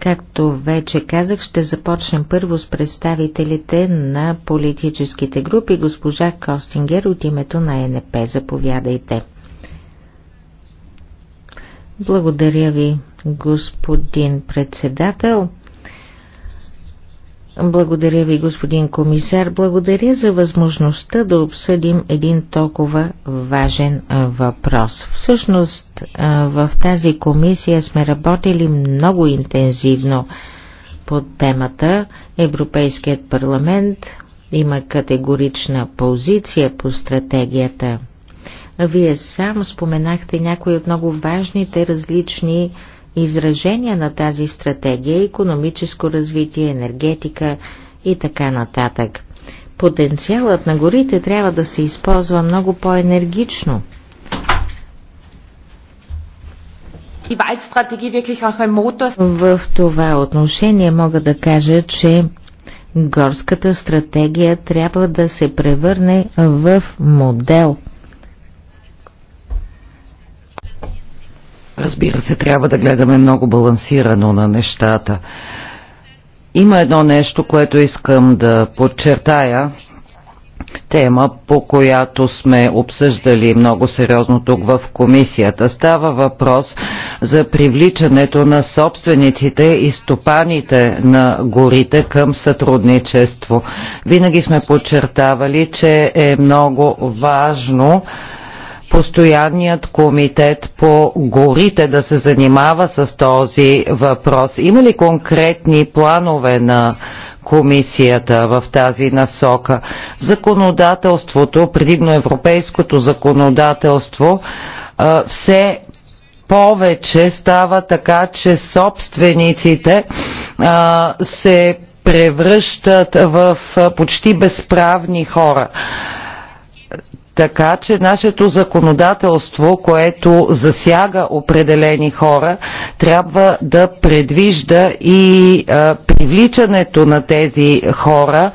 Както вече казах, ще започнем първо с представителите на политическите групи. Госпожа Костингер от името на ЕНП. Заповядайте. Благодаря ви, господин председател. Благодаря ви, господин комисар. Благодаря за възможността да обсъдим един толкова важен въпрос. Всъщност, в тази комисия сме работили много интензивно по темата. Европейският парламент има категорична позиция по стратегията. Вие сам споменахте някои от много важните различни изражения на тази стратегия – економическо развитие, енергетика и така нататък. Потенциалът на горите трябва да се използва много по-енергично. В това отношение мога да кажа, че горската стратегия трябва да се превърне в модел – Разбира се, трябва да гледаме много балансирано на нещата. Има едно нещо, което искам да подчертая. Тема, по която сме обсъждали много сериозно тук в комисията. Става въпрос за привличането на собствениците и стопаните на горите към сътрудничество. Винаги сме подчертавали, че е много важно постоянният комитет по горите да се занимава с този въпрос. Има ли конкретни планове на комисията в тази насока? законодателството, предимно европейското законодателство, все повече става така, че собствениците а, се превръщат в почти безправни хора така че нашето законодателство, което засяга определени хора, трябва да предвижда и а, привличането на тези хора,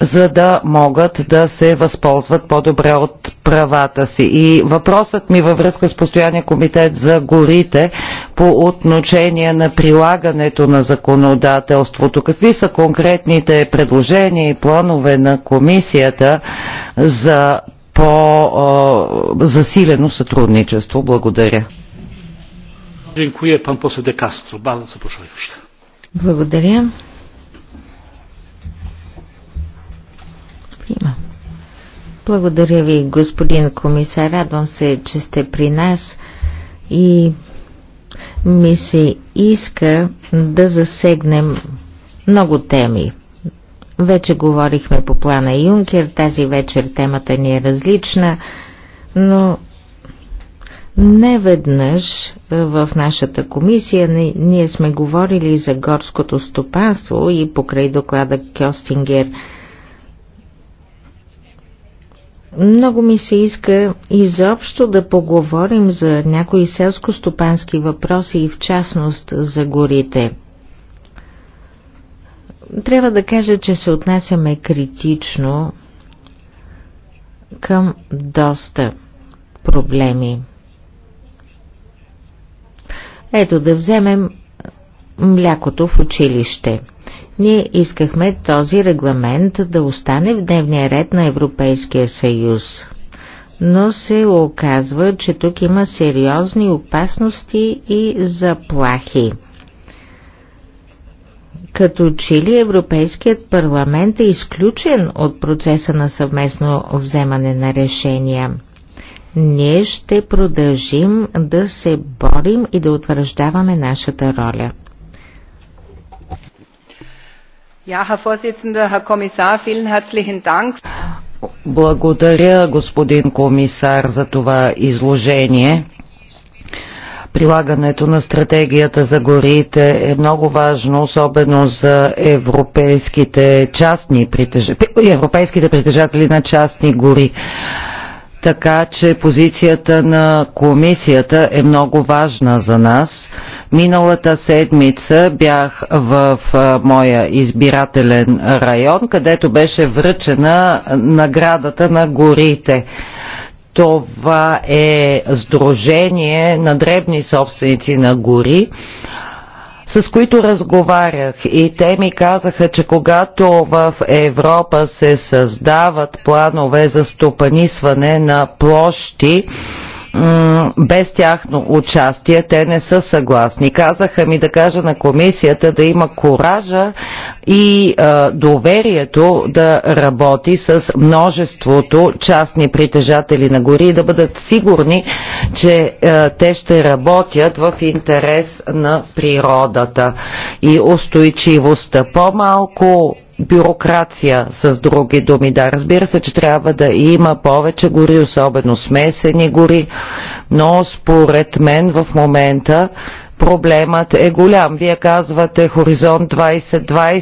за да могат да се възползват по-добре от правата си. И въпросът ми във връзка с постоянния комитет за горите по отношение на прилагането на законодателството. Какви са конкретните предложения и планове на комисията за по-засилено сътрудничество. Благодаря. Благодаря. Благодаря ви, господин комисар. Радвам се, че сте при нас и ми се иска да засегнем много теми. Вече говорихме по плана Юнкер, тази вечер темата ни е различна, но не веднъж в нашата комисия ние сме говорили за горското стопанство и покрай доклада Кьостингер. Много ми се иска изобщо да поговорим за някои селско-стопански въпроси и в частност за горите – трябва да кажа, че се отнасяме критично към доста проблеми. Ето да вземем млякото в училище. Ние искахме този регламент да остане в дневния ред на Европейския съюз. Но се оказва, че тук има сериозни опасности и заплахи като че ли Европейският парламент е изключен от процеса на съвместно вземане на решения. Ние ще продължим да се борим и да утвърждаваме нашата роля. Ja, Herr Vorsitzender, Herr Kommissar, vielen herzlichen Dank. Благодаря, господин комисар, за това изложение. Прилагането на стратегията за горите е много важно, особено за европейските, частни притеж... европейските притежатели на частни гори. Така че позицията на комисията е много важна за нас. Миналата седмица бях в моя избирателен район, където беше връчена наградата на горите. Това е сдружение на дребни собственици на гори, с които разговарях и те ми казаха, че когато в Европа се създават планове за стопанисване на площи, без тяхно участие те не са съгласни. Казаха ми да кажа на комисията да има коража и а, доверието да работи с множеството частни притежатели на гори и да бъдат сигурни, че а, те ще работят в интерес на природата и устойчивостта. По-малко бюрокрация, с други думи. Да, разбира се, че трябва да има повече гори, особено смесени гори, но според мен в момента проблемът е голям. Вие казвате Хоризонт 2020,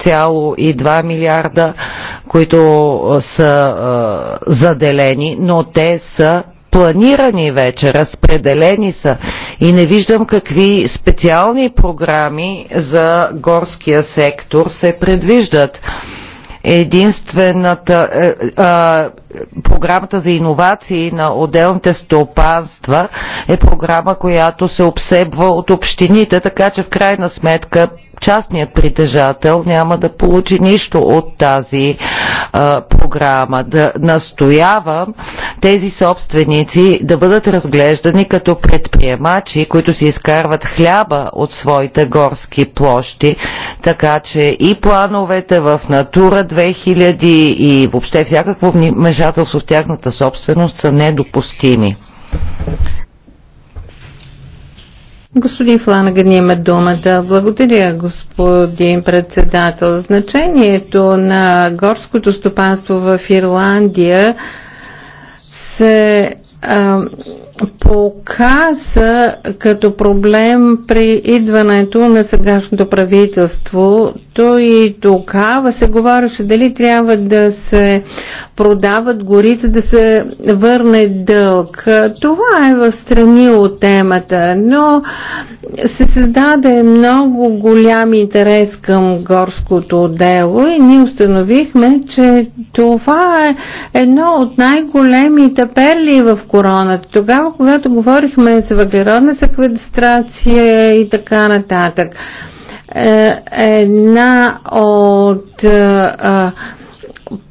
7,2 милиарда, които са заделени, но те са планирани вече, разпределени са и не виждам какви специални програми за горския сектор се предвиждат единствената, е, програмата за иновации на отделните стопанства е програма, която се обсебва от общините, така че в крайна сметка частният притежател няма да получи нищо от тази а, програма. Да настоявам тези собственици да бъдат разглеждани като предприемачи, които си изкарват хляба от своите горски площи, така че и плановете в Натура 2000 и въобще всякакво между вмешателство в тяхната собственост са недопустими. Господин Фланаган има думата. Благодаря, господин председател. Значението на горското стопанство в Ирландия се а, показа като проблем при идването на сегашното правителство. То и тогава се говореше дали трябва да се продават гори, за да се върне дълг. Това е в страни от темата, но се създаде много голям интерес към горското дело и ние установихме, че това е едно от най-големите перли в короната. Тогава, когато говорихме за въглеродна секвестрация и така нататък, е, една от е, е,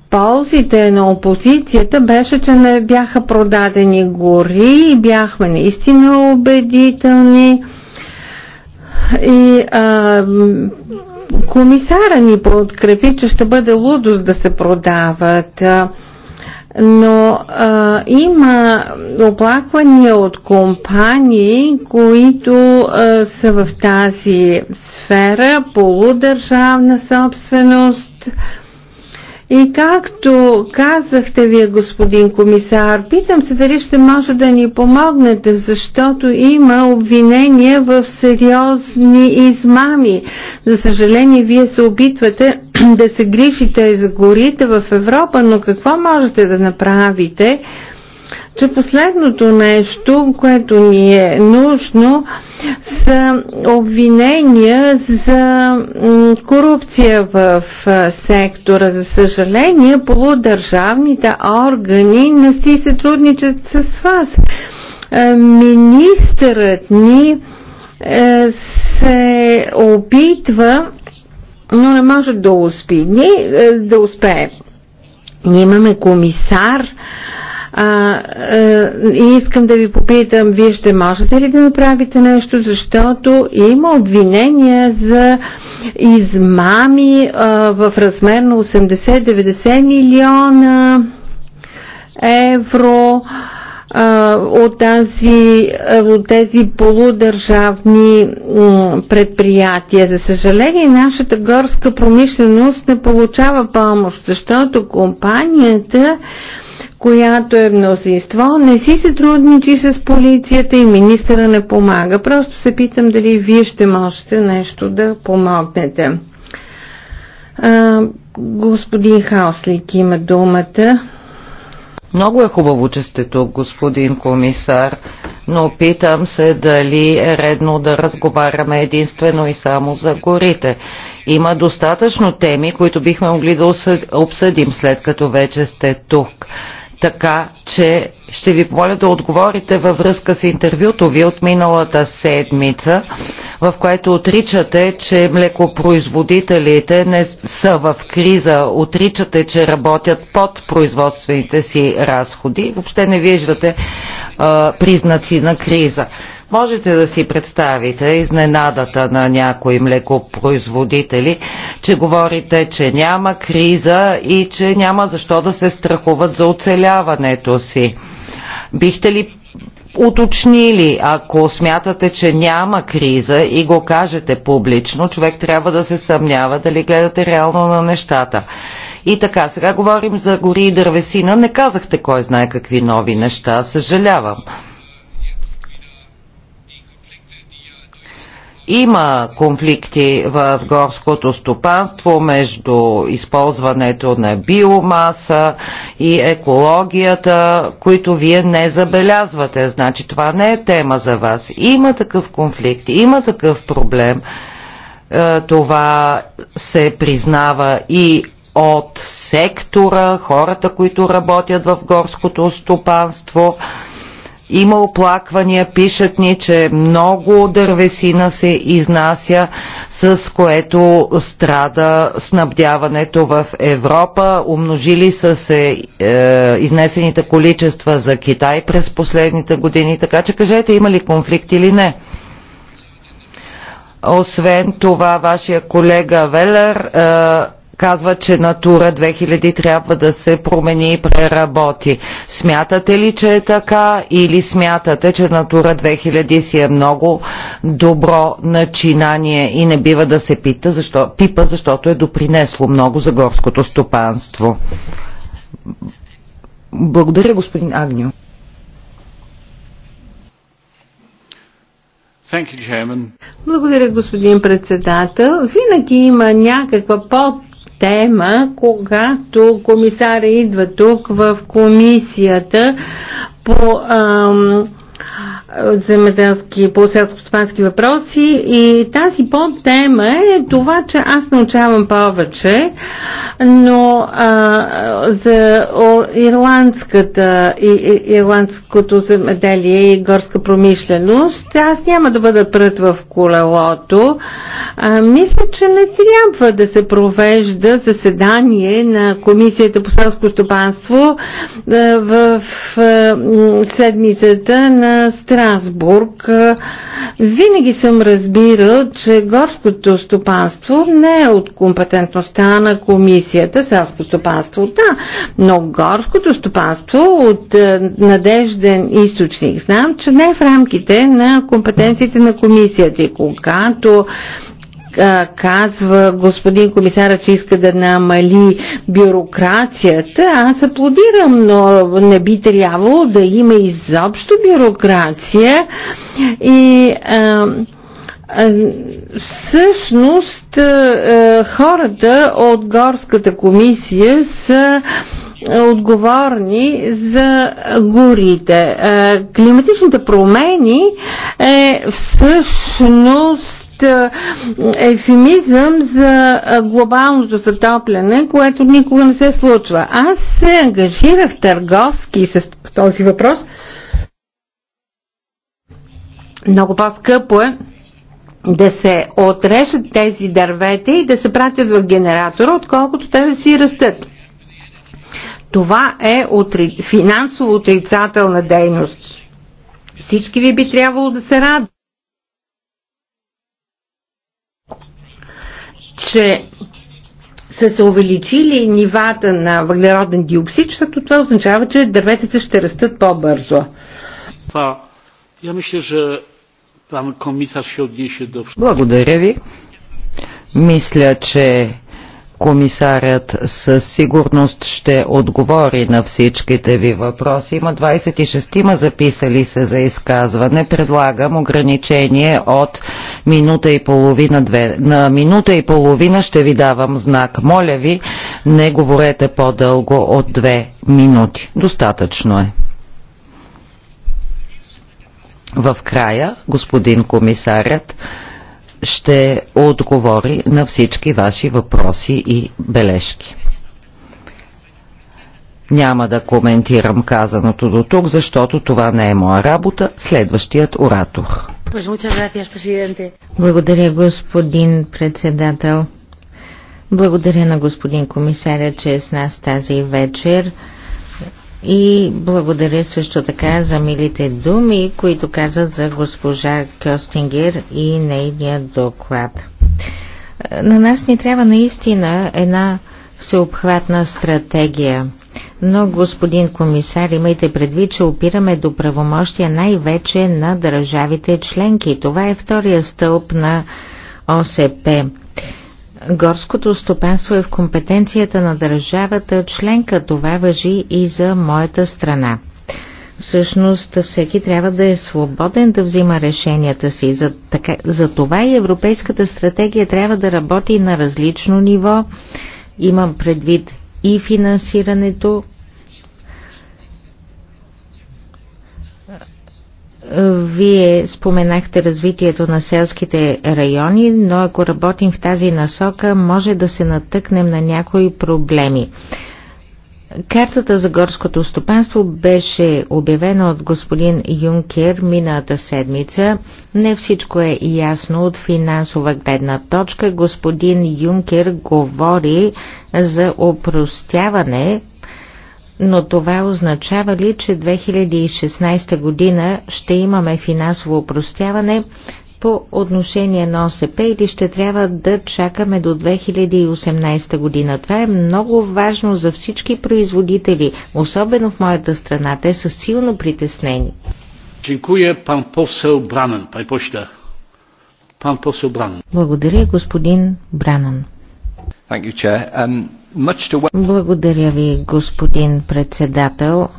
ползите на опозицията беше, че не бяха продадени гори и бяхме наистина убедителни. И а, комисара ни подкрепи, че ще бъде лудост да се продават. А, но а, има оплаквания от компании, които а, са в тази сфера, полудържавна собственост, а, и както казахте вие, господин комисар, питам се дали ще може да ни помогнете, защото има обвинения в сериозни измами. За съжаление, вие се опитвате да се грижите за горите в Европа, но какво можете да направите, че последното нещо, което ни е нужно, са обвинения за корупция в сектора. За съжаление, полудържавните органи не си сътрудничат с вас. Министърът ни е, се опитва, но не може да успее. Ние, е, да успее. Ние имаме комисар, а, а, е, искам да ви попитам, вие ще можете ли да направите нещо, защото има обвинения за измами а, е, в размер на 80-90 милиона евро е, от, тази, от тези полудържавни предприятия. За съжаление, нашата горска промишленост не получава помощ, защото компанията която е мнозинство, не си се трудничи с полицията и министъра не помага. Просто се питам дали вие ще можете нещо да помогнете. А, господин Хауслик има думата. Много е хубаво, че сте тук, господин комисар, но питам се дали е редно да разговаряме единствено и само за горите. Има достатъчно теми, които бихме могли да обсъдим след като вече сте тук така че ще ви помоля да отговорите във връзка с интервюто ви от миналата седмица, в което отричате, че млекопроизводителите не са в криза, отричате, че работят под производствените си разходи, въобще не виждате а, признаци на криза. Можете да си представите изненадата на някои млекопроизводители, че говорите, че няма криза и че няма защо да се страхуват за оцеляването си. Бихте ли уточнили, ако смятате, че няма криза и го кажете публично, човек трябва да се съмнява дали гледате реално на нещата. И така, сега говорим за гори и дървесина. Не казахте кой знае какви нови неща. Съжалявам. Има конфликти в горското стопанство между използването на биомаса и екологията, които вие не забелязвате. Значи това не е тема за вас. Има такъв конфликт, има такъв проблем. Е, това се признава и от сектора, хората, които работят в горското стопанство. Има оплаквания, пишат ни, че много дървесина се изнася, с което страда снабдяването в Европа. Умножили са се е, изнесените количества за Китай през последните години, така че кажете има ли конфликт или не. Освен това, вашия колега Велер е, казва, че Натура 2000 трябва да се промени и преработи. Смятате ли, че е така или смятате, че Натура 2000 си е много добро начинание и не бива да се пита, защо, пипа, защото е допринесло много за горското стопанство? Благодаря, господин Агню. Благодаря, господин председател. Винаги има някаква под тема, когато комисаря идва тук в комисията по ам, земеделски, по селско-стопански въпроси и тази подтема е това, че аз научавам повече, но а, за ирландската, и, и, ирландското земеделие и горска промишленост, аз няма да бъда прът в колелото. А, мисля, че не трябва да се провежда заседание на Комисията по селско стопанство в а, седмицата на страна Страсбург, винаги съм разбирал, че горското стопанство не е от компетентността на комисията селско стопанство. Да, но горското стопанство от надежден източник. Знам, че не е в рамките на компетенциите на комисията и когато казва господин комисара, че иска да намали бюрокрацията, аз аплодирам, но не би трябвало да има изобщо бюрокрация и а, Всъщност хората от горската комисия са отговорни за горите. Климатичните промени е всъщност е, ефемизъм за е, глобалното затопляне, което никога не се случва. Аз се ангажирах търговски с този въпрос. Много по-скъпо е да се отрежат тези дървета и да се пратят в генератора, отколкото те да си растат. Това е отри... финансово отрицателна дейност. Всички ви би трябвало да се радват. че са се увеличили нивата на въглероден диоксид, защото това означава, че дърветата ще растат по-бързо. Я мисля, че комисар ще до... Благодаря ви. Мисля, че комисарят със сигурност ще отговори на всичките ви въпроси. Има 26-ма записали се за изказване. Предлагам ограничение от минута и половина. Две. На минута и половина ще ви давам знак. Моля ви, не говорете по-дълго от две минути. Достатъчно е. В края, господин комисарят, ще отговори на всички ваши въпроси и бележки. Няма да коментирам казаното до тук, защото това не е моя работа. Следващият оратор. Благодаря, господин председател. Благодаря на господин комисаря, че е с нас тази вечер. И благодаря също така за милите думи, които каза за госпожа Кьостингер и нейния доклад. На нас ни трябва наистина една всеобхватна стратегия. Но, господин комисар, имайте предвид, че опираме до правомощия най-вече на държавите членки. Това е втория стълб на ОСП. Горското стопанство е в компетенцията на държавата членка. Това въжи и за моята страна. Всъщност всеки трябва да е свободен да взима решенията си. За, така, за това и европейската стратегия трябва да работи на различно ниво. Имам предвид и финансирането, Вие споменахте развитието на селските райони, но ако работим в тази насока, може да се натъкнем на някои проблеми. Картата за горското стопанство беше обявена от господин Юнкер миналата седмица. Не всичко е ясно от финансова гледна точка. Господин Юнкер говори за опростяване но това означава ли, че 2016 година ще имаме финансово упростяване по отношение на ОСП или ще трябва да чакаме до 2018 година. Това е много важно за всички производители, особено в моята страна. Те са силно притеснени. Дякую, пан посел Бранен. Пан посел Бранен. Благодаря, господин Бранен. Thank you, Chair. Um... Благодаря ви, господин председател.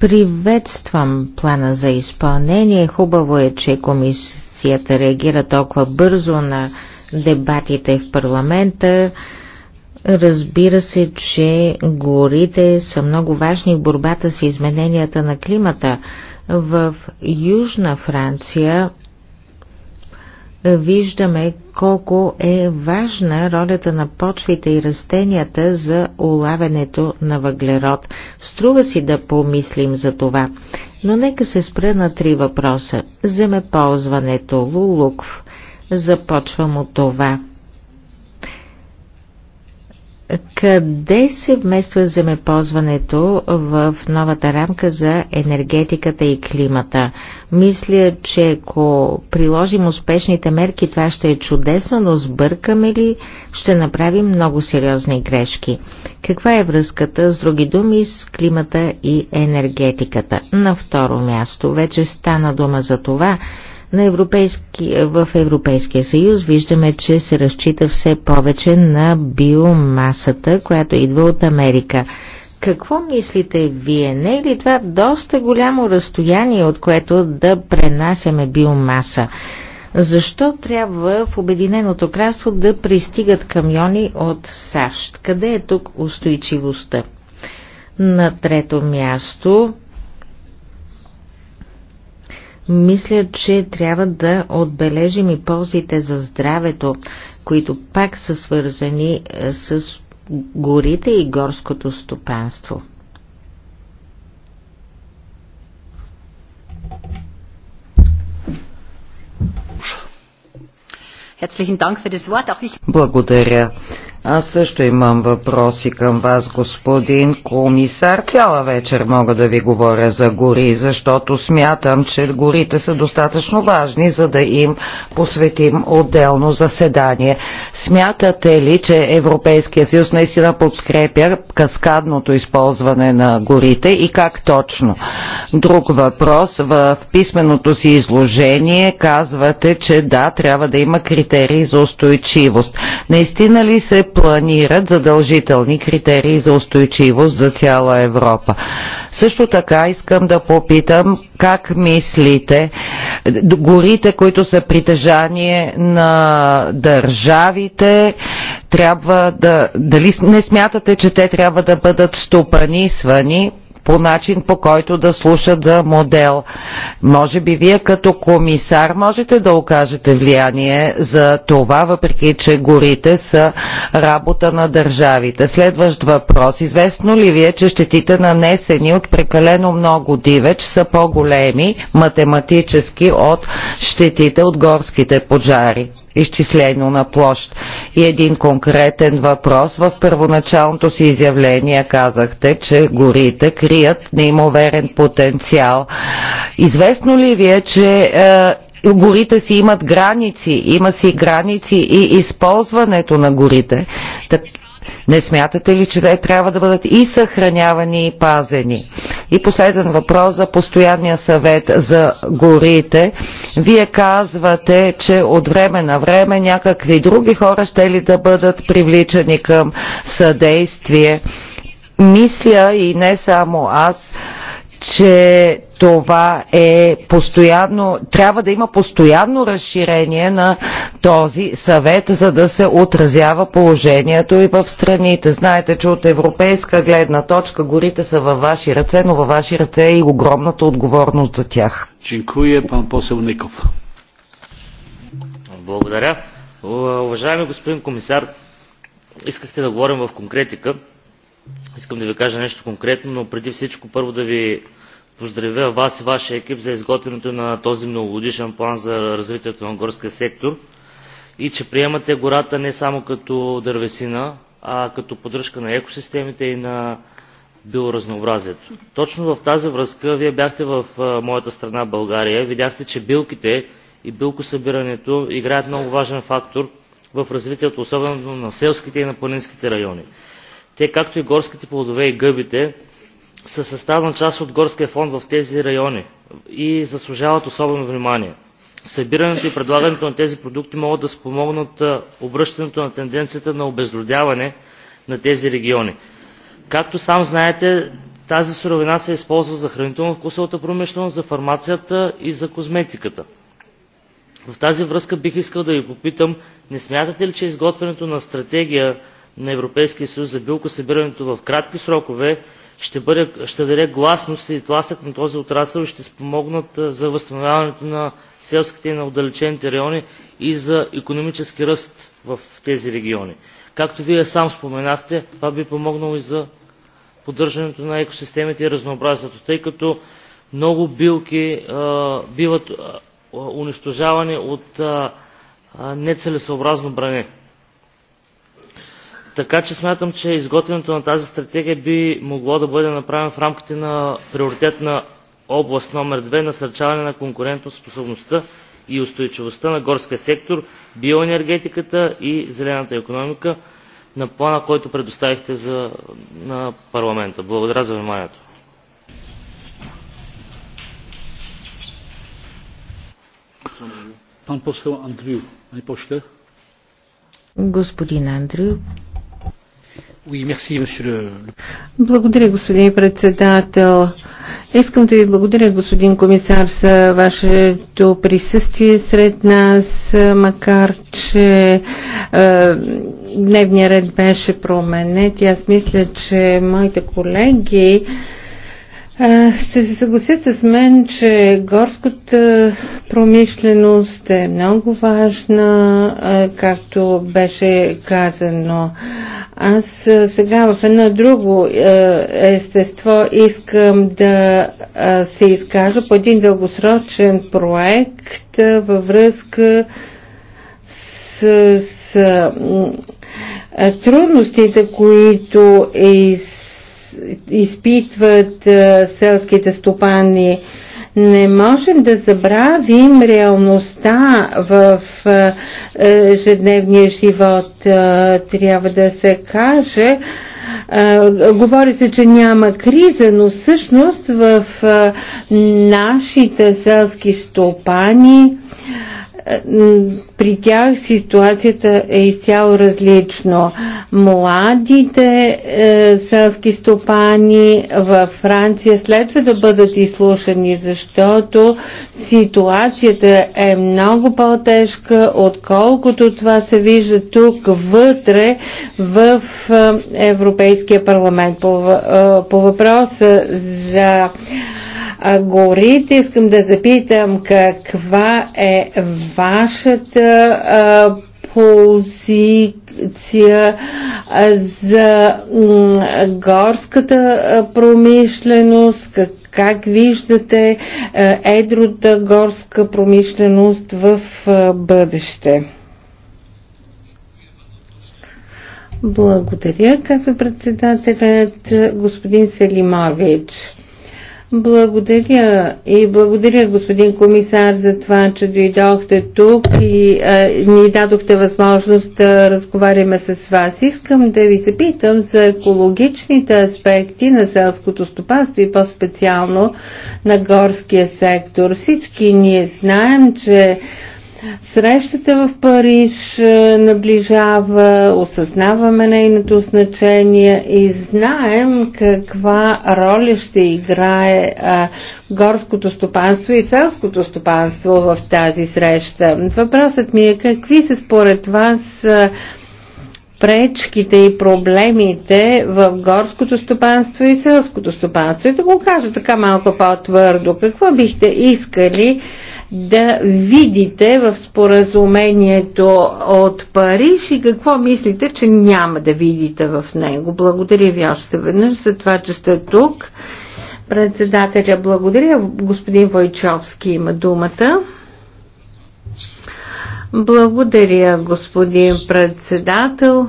Приветствам плана за изпълнение. Хубаво е, че комисията реагира толкова бързо на дебатите в парламента. Разбира се, че горите са много важни в борбата с измененията на климата. В Южна Франция виждаме колко е важна ролята на почвите и растенията за улавянето на въглерод. Струва си да помислим за това. Но нека се спра на три въпроса. Земеползването, лулукв. Започвам от това. Къде се вмества земеползването в новата рамка за енергетиката и климата? Мисля, че ако приложим успешните мерки, това ще е чудесно, но сбъркаме ли, ще направим много сериозни грешки. Каква е връзката с други думи с климата и енергетиката? На второ място вече стана дума за това, на европейски, в Европейския съюз виждаме, че се разчита все повече на биомасата, която идва от Америка. Какво мислите вие? Не е ли това доста голямо разстояние, от което да пренасяме биомаса? Защо трябва в Обединеното кралство да пристигат камиони от САЩ? Къде е тук устойчивостта? На трето място мисля, че трябва да отбележим и ползите за здравето, които пак са свързани е, с горите и горското стопанство. Благодаря аз също имам въпроси към вас, господин комисар. Цяла вечер мога да ви говоря за гори, защото смятам, че горите са достатъчно важни, за да им посветим отделно заседание. Смятате ли, че Европейския съюз наистина подкрепя каскадното използване на горите и как точно? Друг въпрос. В писменото си изложение казвате, че да, трябва да има критерии за устойчивост. Наистина ли се планират задължителни критерии за устойчивост за цяла Европа. Също така искам да попитам как мислите горите, които са притежание на държавите, трябва да, дали не смятате, че те трябва да бъдат стопанисвани по начин, по който да слушат за модел. Може би вие като комисар можете да окажете влияние за това, въпреки че горите са работа на държавите. Следващ въпрос. Известно ли вие, че щетите нанесени от прекалено много дивеч са по-големи математически от щетите от горските пожари? изчислено на площ. И един конкретен въпрос. В първоначалното си изявление казахте, че горите крият неимоверен потенциал. Известно ли ви е, че е, горите си имат граници, има си граници и използването на горите, так, не смятате ли, че те трябва да бъдат и съхранявани и пазени? И последен въпрос за постоянния съвет за горите. Вие казвате, че от време на време някакви други хора ще ли да бъдат привличани към съдействие. Мисля и не само аз, че това е постоянно, трябва да има постоянно разширение на този съвет, за да се отразява положението и в страните. Знаете, че от европейска гледна точка горите са във ваши ръце, но във ваши ръце е и огромната отговорност за тях. Чинкуе, пан посел Ников. Благодаря. Уважаеми господин комисар, искахте да говорим в конкретика. Искам да ви кажа нещо конкретно, но преди всичко първо да ви поздравя вас и вашия екип за изготвянето на този многогодишен план за развитието на горския сектор и че приемате гората не само като дървесина, а като поддръжка на екосистемите и на биоразнообразието. Точно в тази връзка вие бяхте в моята страна България, видяхте, че билките и билкосъбирането играят много важен фактор в развитието, особено на селските и на планинските райони. Те, както и горските плодове и гъбите, са съставна част от горския фонд в тези райони и заслужават особено внимание. Събирането и предлагането на тези продукти могат да спомогнат обръщането на тенденцията на обезлюдяване на тези региони. Както сам знаете, тази суровина се използва за хранително-вкусовата промишленост, за фармацията и за козметиката. В тази връзка бих искал да ви попитам, не смятате ли, че изготвянето на стратегия на Европейския съюз за билкосъбирането в кратки срокове ще, бъде, ще даде гласност и тласък на този отрасъл и ще спомогнат за възстановяването на селските и на отдалечените райони и за економически ръст в тези региони. Както вие сам споменахте, това би помогнало и за поддържането на екосистемите и разнообразието, тъй като много билки а, биват а, унищожавани от а, а, нецелесообразно бране. Така че смятам, че изготвянето на тази стратегия би могло да бъде направено в рамките на приоритетна област номер 2 насърчаване на конкурентоспособността и устойчивостта на горския сектор, биоенергетиката и зелената економика на плана, който предоставихте за, на парламента. Благодаря за вниманието. Господин Андрю, благодаря, господин председател. Искам да ви благодаря, господин комисар, за вашето присъствие сред нас, макар че е, дневният ред беше променен. аз мисля, че моите колеги е, ще се съгласят с мен, че горската промишленост е много важна, е, както беше казано. Аз сега в едно друго естество искам да се изкажа по един дългосрочен проект във връзка с, с трудностите, които из, изпитват селските стопани не можем да забравим реалността в е, е, ежедневния живот. Е, трябва да се каже, говори се, че няма криза, но всъщност в нашите селски стопани при тях ситуацията е изцяло различно. Младите е, селски стопани във Франция следва да бъдат изслушани, защото ситуацията е много по-тежка, отколкото това се вижда тук вътре в е, Европейския парламент. По, е, по въпроса за горите. Искам да запитам каква е вашата а, позиция за горската промишленост, как, как виждате едрота горска промишленост в бъдеще. Благодаря, казва председателят господин Селимович. Благодаря и благодаря господин комисар за това, че дойдохте тук и а, ни дадохте възможност да разговаряме с вас. Искам да ви запитам за екологичните аспекти на селското стопанство и по-специално на горския сектор. Всички ние знаем, че Срещата в Париж е, наближава, осъзнаваме нейното значение и знаем каква роля ще играе а, е, горското стопанство и селското стопанство в тази среща. Въпросът ми е какви са според вас а, е, пречките и проблемите в горското стопанство и селското стопанство. И да го кажа така малко по-твърдо, какво бихте искали да видите в споразумението от Париж и какво мислите, че няма да видите в него. Благодаря ви още веднъж за това, че сте тук. Председателя, благодаря. Господин Войчовски има думата. Благодаря, господин председател.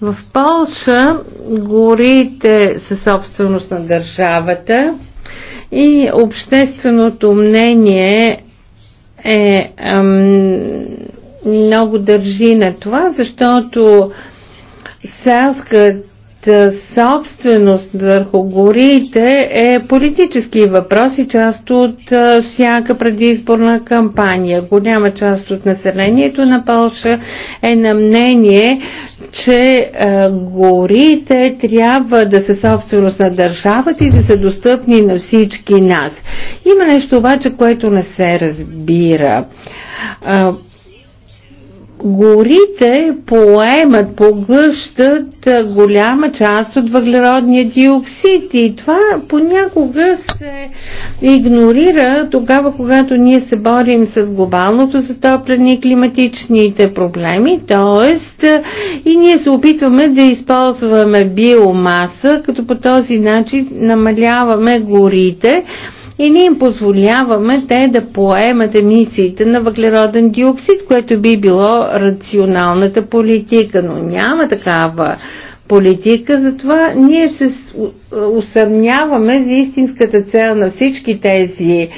В Полша горите са собственост на държавата и общественото мнение е ам, много държи на това, защото селската собственост върху горите е политически въпрос и част от всяка предизборна кампания. Голяма част от населението на Польша е на мнение, че горите трябва да са собственост на държавата и да са достъпни на всички нас. Има нещо обаче, което не се разбира горите поемат, поглъщат голяма част от въглеродния диоксид и това понякога се игнорира тогава, когато ние се борим с глобалното затопляне и климатичните проблеми, т.е. и ние се опитваме да използваме биомаса, като по този начин намаляваме горите, и ние им позволяваме те да поемат емисиите на въглероден диоксид, което би било рационалната политика, но няма такава политика, затова ние се усъмняваме за истинската цел на всички тези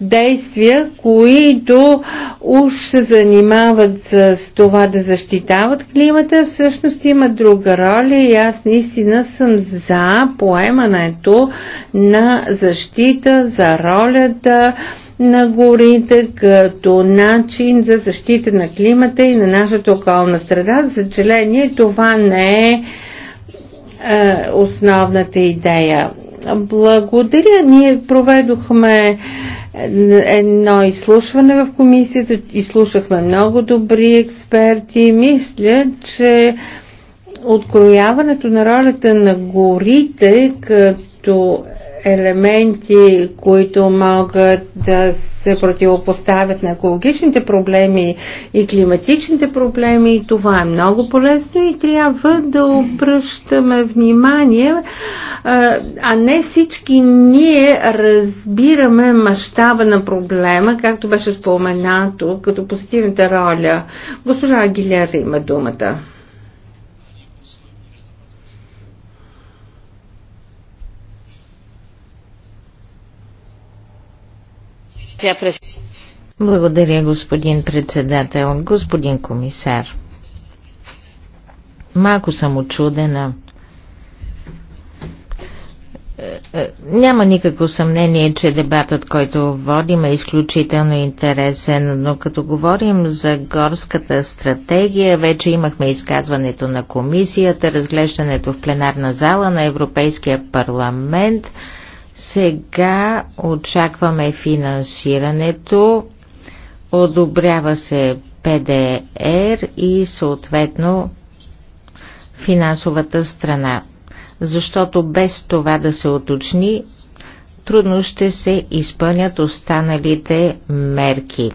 действия, които уж се занимават с това да защитават климата, всъщност има друга роля и аз наистина съм за поемането на защита за ролята на горите като начин за защита на климата и на нашата околна среда. За съжаление, това не е, е основната идея. Благодаря. Ние проведохме едно изслушване в комисията, изслушахме много добри експерти. Мисля, че открояването на ролята на горите като елементи, които могат да се противопоставят на екологичните проблеми и климатичните проблеми. Това е много полезно и трябва да обръщаме внимание, а не всички ние разбираме мащаба на проблема, както беше споменато, като позитивната роля. Госпожа Агилера има думата. Благодаря, господин председател, господин комисар. Малко съм очудена. Е, е, няма никакво съмнение, че дебатът, който водим е изключително интересен, но като говорим за горската стратегия, вече имахме изказването на комисията, разглеждането в пленарна зала на Европейския парламент – сега очакваме финансирането, одобрява се ПДР и съответно финансовата страна, защото без това да се уточни, трудно ще се изпълнят останалите мерки.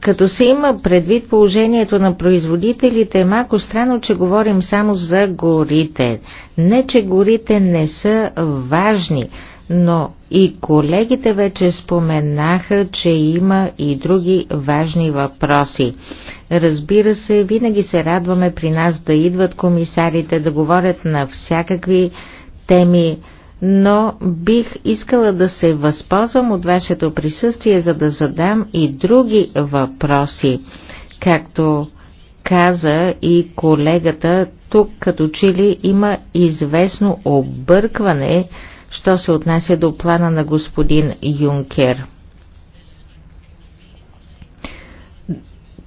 Като се има предвид положението на производителите, е малко странно, че говорим само за горите. Не, че горите не са важни, но и колегите вече споменаха, че има и други важни въпроси. Разбира се, винаги се радваме при нас да идват комисарите, да говорят на всякакви теми, но бих искала да се възползвам от вашето присъствие, за да задам и други въпроси. Както каза и колегата, тук като че ли има известно объркване, що се отнася до плана на господин Юнкер.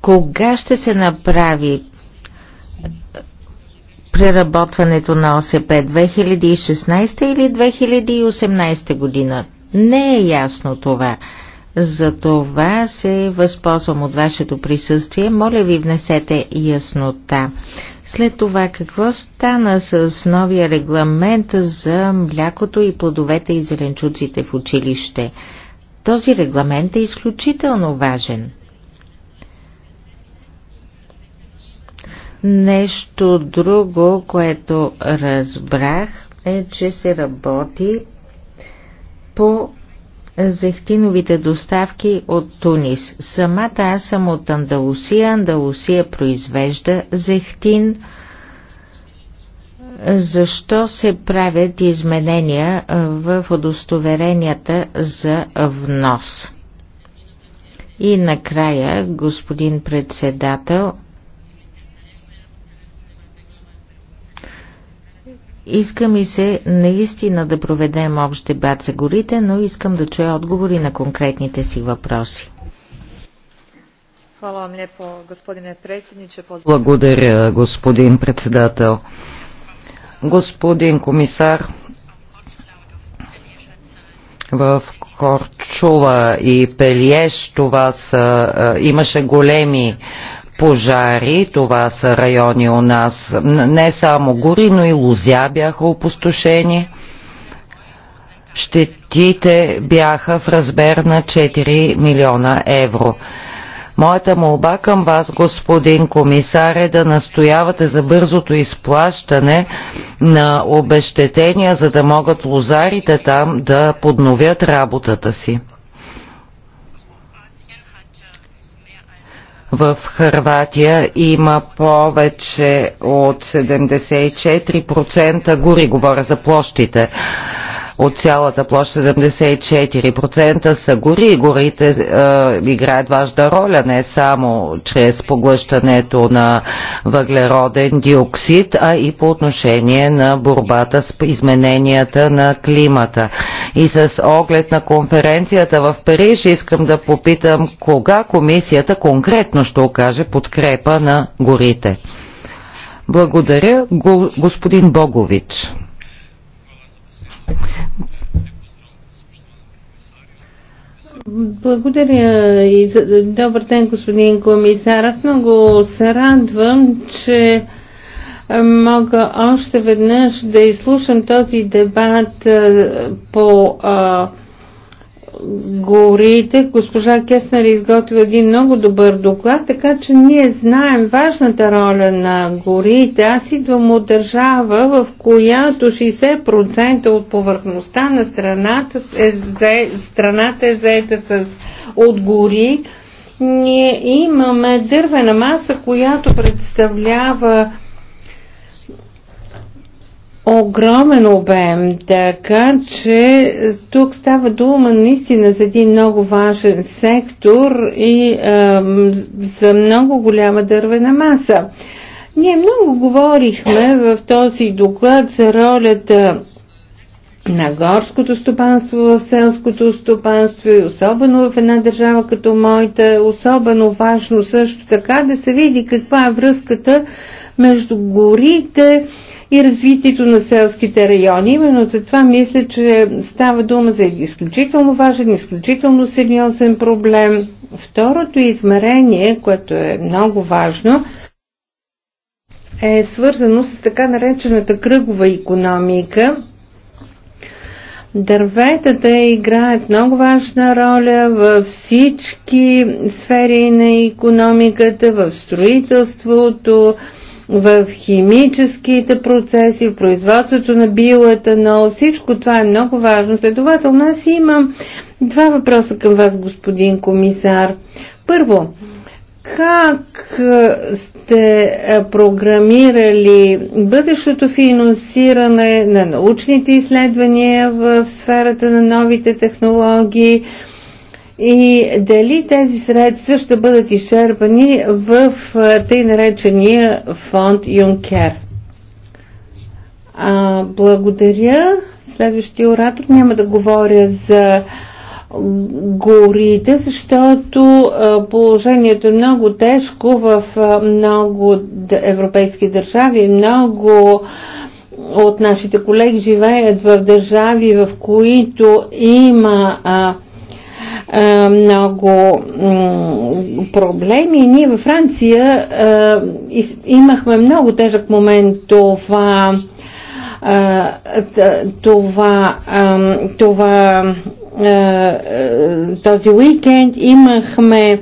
Кога ще се направи преработването на ОСП 2016 или 2018 година. Не е ясно това. За това се възползвам от вашето присъствие. Моля ви, внесете яснота. След това, какво стана с новия регламент за млякото и плодовете и зеленчуците в училище? Този регламент е изключително важен. Нещо друго, което разбрах, е, че се работи по зехтиновите доставки от Тунис. Самата аз съм от Андалусия. Андалусия произвежда зехтин. Защо се правят изменения в удостоверенията за внос? И накрая, господин председател, Иска ми се наистина да проведем общ дебат за горите, но искам да чуя отговори на конкретните си въпроси. Благодаря, господин председател. Господин комисар, в Корчула и Пелиеш това са, е, имаше големи пожари. Това са райони у нас. Не само гори, но и лузя бяха опустошени. Щетите бяха в размер на 4 милиона евро. Моята молба към вас, господин комисар, е да настоявате за бързото изплащане на обещетения, за да могат лозарите там да подновят работата си. В Харватия има повече от 74% гори, говоря за площите от цялата площ 74% са гори и горите е, играят важна роля не само чрез поглъщането на въглероден диоксид, а и по отношение на борбата с измененията на климата. И с оглед на конференцията в Париж искам да попитам кога комисията конкретно ще окаже подкрепа на горите. Благодаря, господин Богович. Благодаря и за... добър ден, господин комисар. Аз много се радвам, че мога още веднъж да изслушам този дебат по а, горите. Госпожа Кеснер е изготви един много добър доклад, така че ние знаем важната роля на горите. Аз идвам от държава, в която 60% от повърхността на страната е, зае, страната е заета с, от гори. Ние имаме дървена маса, която представлява огромен обем, така че тук става дума наистина за един много важен сектор и а, за много голяма дървена маса. Ние много говорихме в този доклад за ролята на горското стопанство в селското стопанство и особено в една държава като моята особено важно също така да се види каква е връзката между горите, и развитието на селските райони. Именно за това мисля, че става дума за изключително важен, изключително сериозен проблем. Второто измерение, което е много важно, е свързано с така наречената кръгова економика. Дърветата играят много важна роля във всички сфери на економиката, в строителството, в химическите процеси, в производството на биоетанол. Всичко това е много важно. Следователно, аз имам два въпроса към вас, господин комисар. Първо, как сте програмирали бъдещото финансиране на научните изследвания в сферата на новите технологии? и дали тези средства ще бъдат изчерпани в тъй наречения фонд Юнкер. благодаря. Следващия оратор няма да говоря за горите, защото положението е много тежко в много европейски държави. Много от нашите колеги живеят в държави, в които има а, много проблеми. Ние във Франция имахме много тежък момент това това, това този уикенд имахме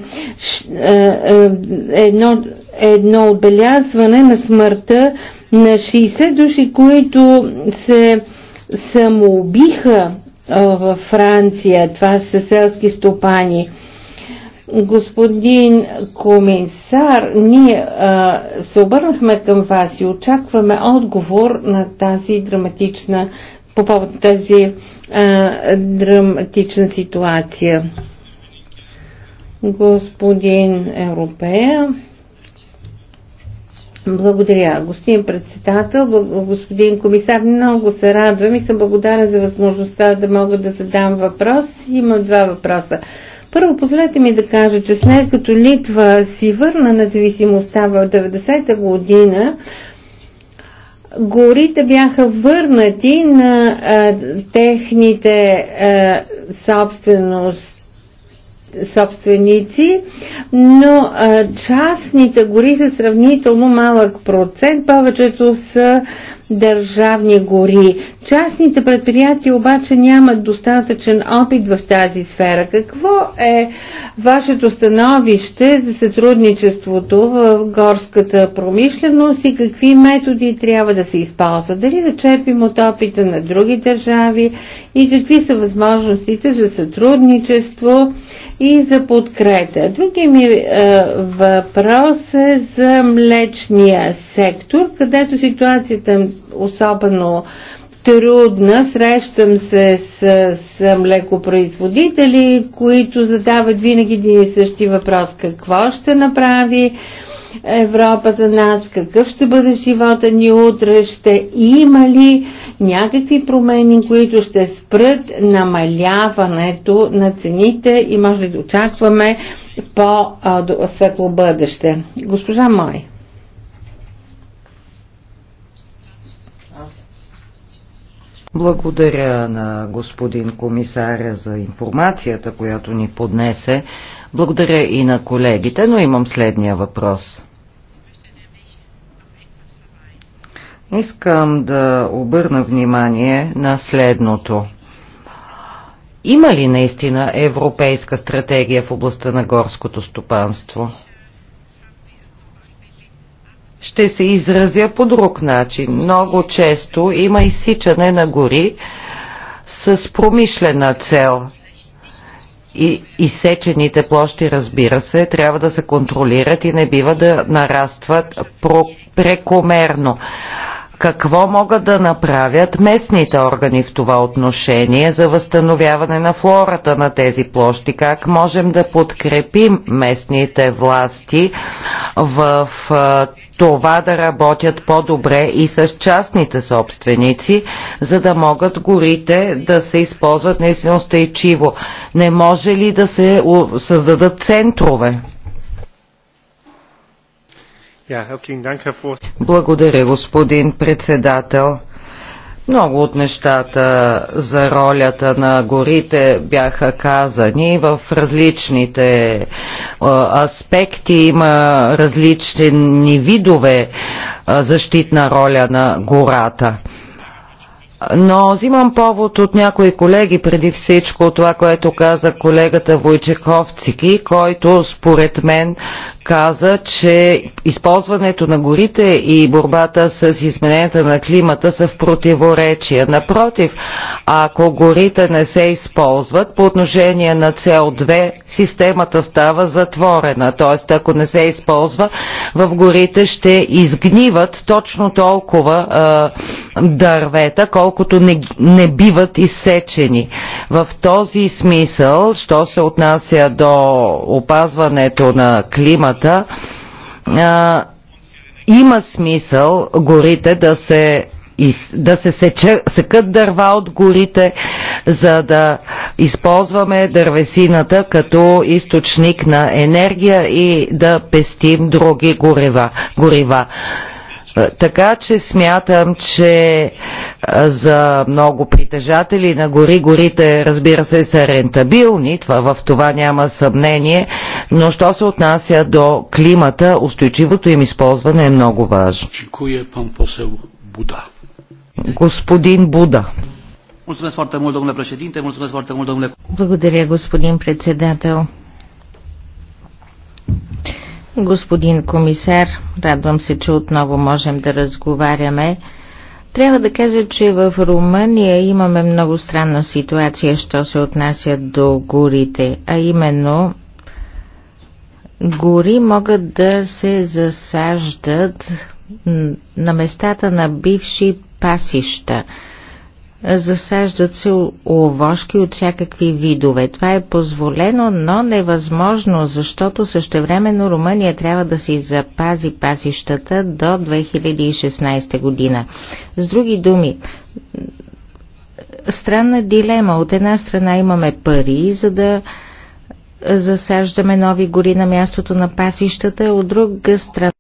едно, едно отбелязване на смъртта на 60 души, които се самоубиха във Франция. Това са селски стопани. Господин комисар, ние а, се обърнахме към вас и очакваме отговор на тази драматична, по повод тази а, драматична ситуация. Господин Европея. Благодаря, господин председател, господин комисар. Много се радвам и съм благодарен за възможността да мога да задам въпрос. Имам два въпроса. Първо, позволете ми да кажа, че след като Литва си върна независимостта в 90-та година, горите бяха върнати на а, техните а, собственост собственици, но частните гори са сравнително малък процент. Повечето са държавни гори. Частните предприятия обаче нямат достатъчен опит в тази сфера. Какво е вашето становище за сътрудничеството в горската промишленост и какви методи трябва да се използват? Дали да черпим от опита на други държави и какви са възможностите за сътрудничество и за подкрета? Другият ми е, въпрос е за млечния сектор, където ситуацията особено трудна. Срещам се с, с млекопроизводители, които задават винаги един и същи въпрос. Какво ще направи Европа за нас? Какъв ще бъде живота ни утре? Ще има ли някакви промени, които ще спрат намаляването на цените и може ли да очакваме по-светло бъдеще? Госпожа Мой. Благодаря на господин комисаря за информацията, която ни поднесе. Благодаря и на колегите, но имам следния въпрос. Искам да обърна внимание на следното. Има ли наистина европейска стратегия в областта на горското стопанство? Ще се изразя по друг начин. Много често има изсичане на гори с промишлена цел. И изсечените площи, разбира се, трябва да се контролират и не бива да нарастват прекомерно. Какво могат да направят местните органи в това отношение за възстановяване на флората на тези площи? Как можем да подкрепим местните власти в това да работят по-добре и с частните собственици, за да могат горите да се използват наистина устойчиво. Не може ли да се създадат центрове? Благодаря, господин председател. Много от нещата за ролята на горите бяха казани в различните аспекти. Има различни видове защитна роля на гората. Но взимам повод от някои колеги преди всичко това, което каза колегата Войчеховцики, който според мен каза, че използването на горите и борбата с измененията на климата са в противоречие. Напротив, ако горите не се използват по отношение на CO2, системата става затворена. Т.е. ако не се използва, в горите ще изгниват точно толкова а, дървета, колкото колкото не, не биват изсечени. В този смисъл, що се отнася до опазването на климата, а, има смисъл горите да се да се сече, секат дърва от горите, за да използваме дървесината като източник на енергия и да пестим други горива. горива. Е, така че смятам, че за много притежатели на гори. Горите, разбира се, са рентабилни, това, в това няма съмнение, но що се отнася до климата, устойчивото им използване е много важно. Господин Буда. Благодаря, господин председател. Господин комисар, радвам се, че отново можем да разговаряме. Трябва да кажа, че в Румъния имаме много странна ситуация, що се отнася до горите, а именно гори могат да се засаждат на местата на бивши пасища – Засаждат се овошки от всякакви видове. Това е позволено, но невъзможно, защото същевременно Румъния трябва да си запази пасищата до 2016 година. С други думи, странна дилема. От една страна имаме пари, за да засаждаме нови гори на мястото на пасищата, от друга страна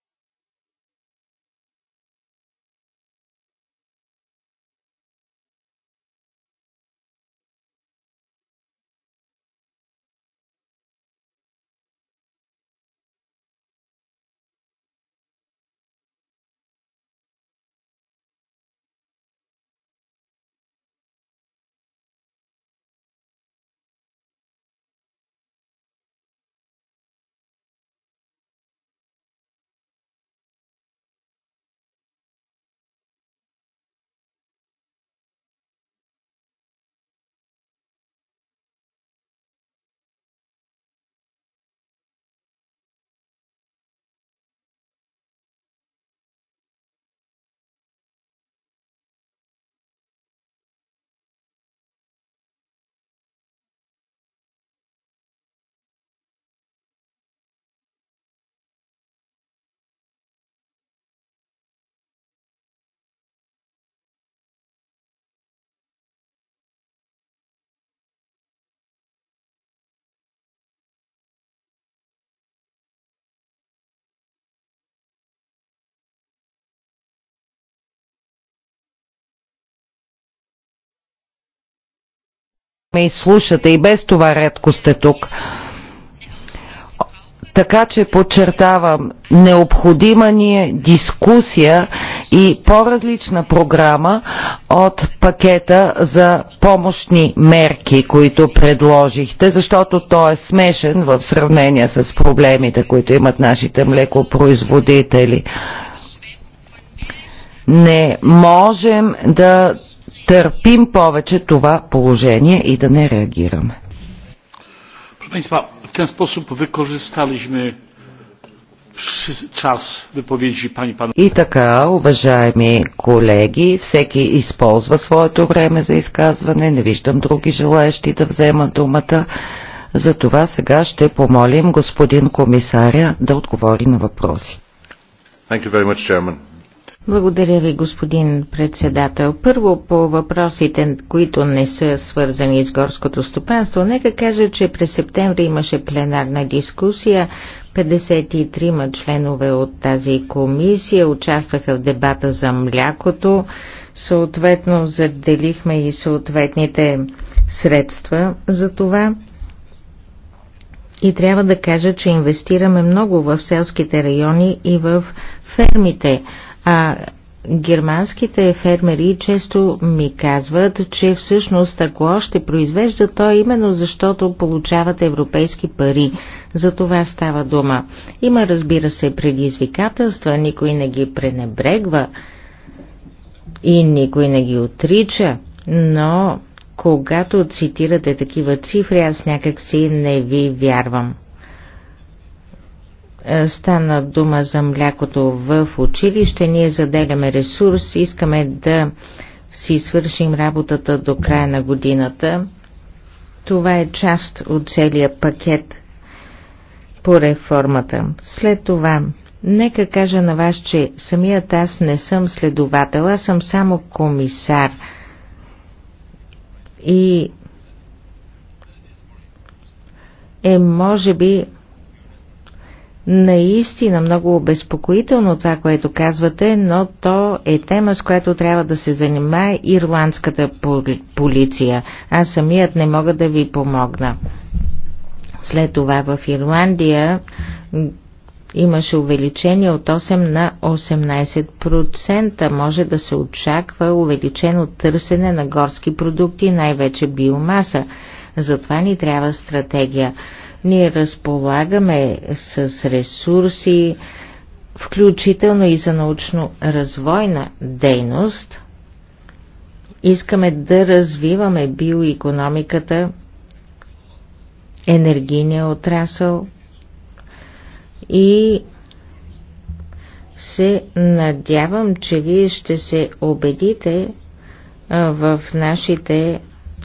ме изслушате и без това редко сте тук. Така че подчертавам, необходима ни е дискусия и по-различна програма от пакета за помощни мерки, които предложихте, защото той е смешен в сравнение с проблемите, които имат нашите млекопроизводители. Не можем да търпим повече това положение и да не реагираме. И Państwa, w ten sposób wykorzystaliśmy czas wypowiedzi Pani I така, уважаеми колеги, всеки използва своето време за изказване. Не виждам други желаещи да взема думата. Затова сега ще помолим господин комисаря да отговори на въпроси. Thank you very much, Chairman. Благодаря ви, господин председател. Първо по въпросите, които не са свързани с горското стопанство, нека кажа, че през септември имаше пленарна дискусия. 53 членове от тази комисия участваха в дебата за млякото. Съответно, заделихме и съответните средства за това. И трябва да кажа, че инвестираме много в селските райони и в фермите. А германските фермери често ми казват, че всъщност ако още произвеждат, то е именно защото получават европейски пари. За това става дума. Има, разбира се, предизвикателства, никой не ги пренебрегва и никой не ги отрича, но когато цитирате такива цифри, аз някак си не ви вярвам. Е, стана дума за млякото в училище. Ние заделяме ресурс. Искаме да си свършим работата до края на годината. Това е част от целия пакет по реформата. След това, нека кажа на вас, че самият аз не съм следовател, аз съм само комисар. И е, може би, Наистина много обезпокоително това, което казвате, но то е тема, с която трябва да се занимае ирландската полиция. Аз самият не мога да ви помогна. След това в Ирландия имаше увеличение от 8 на 18%. Може да се очаква увеличено търсене на горски продукти, най-вече биомаса. Затова ни трябва стратегия. Ние разполагаме с ресурси, включително и за научно-развойна дейност. Искаме да развиваме биоекономиката, енергийния отрасъл и се надявам, че вие ще се убедите в нашите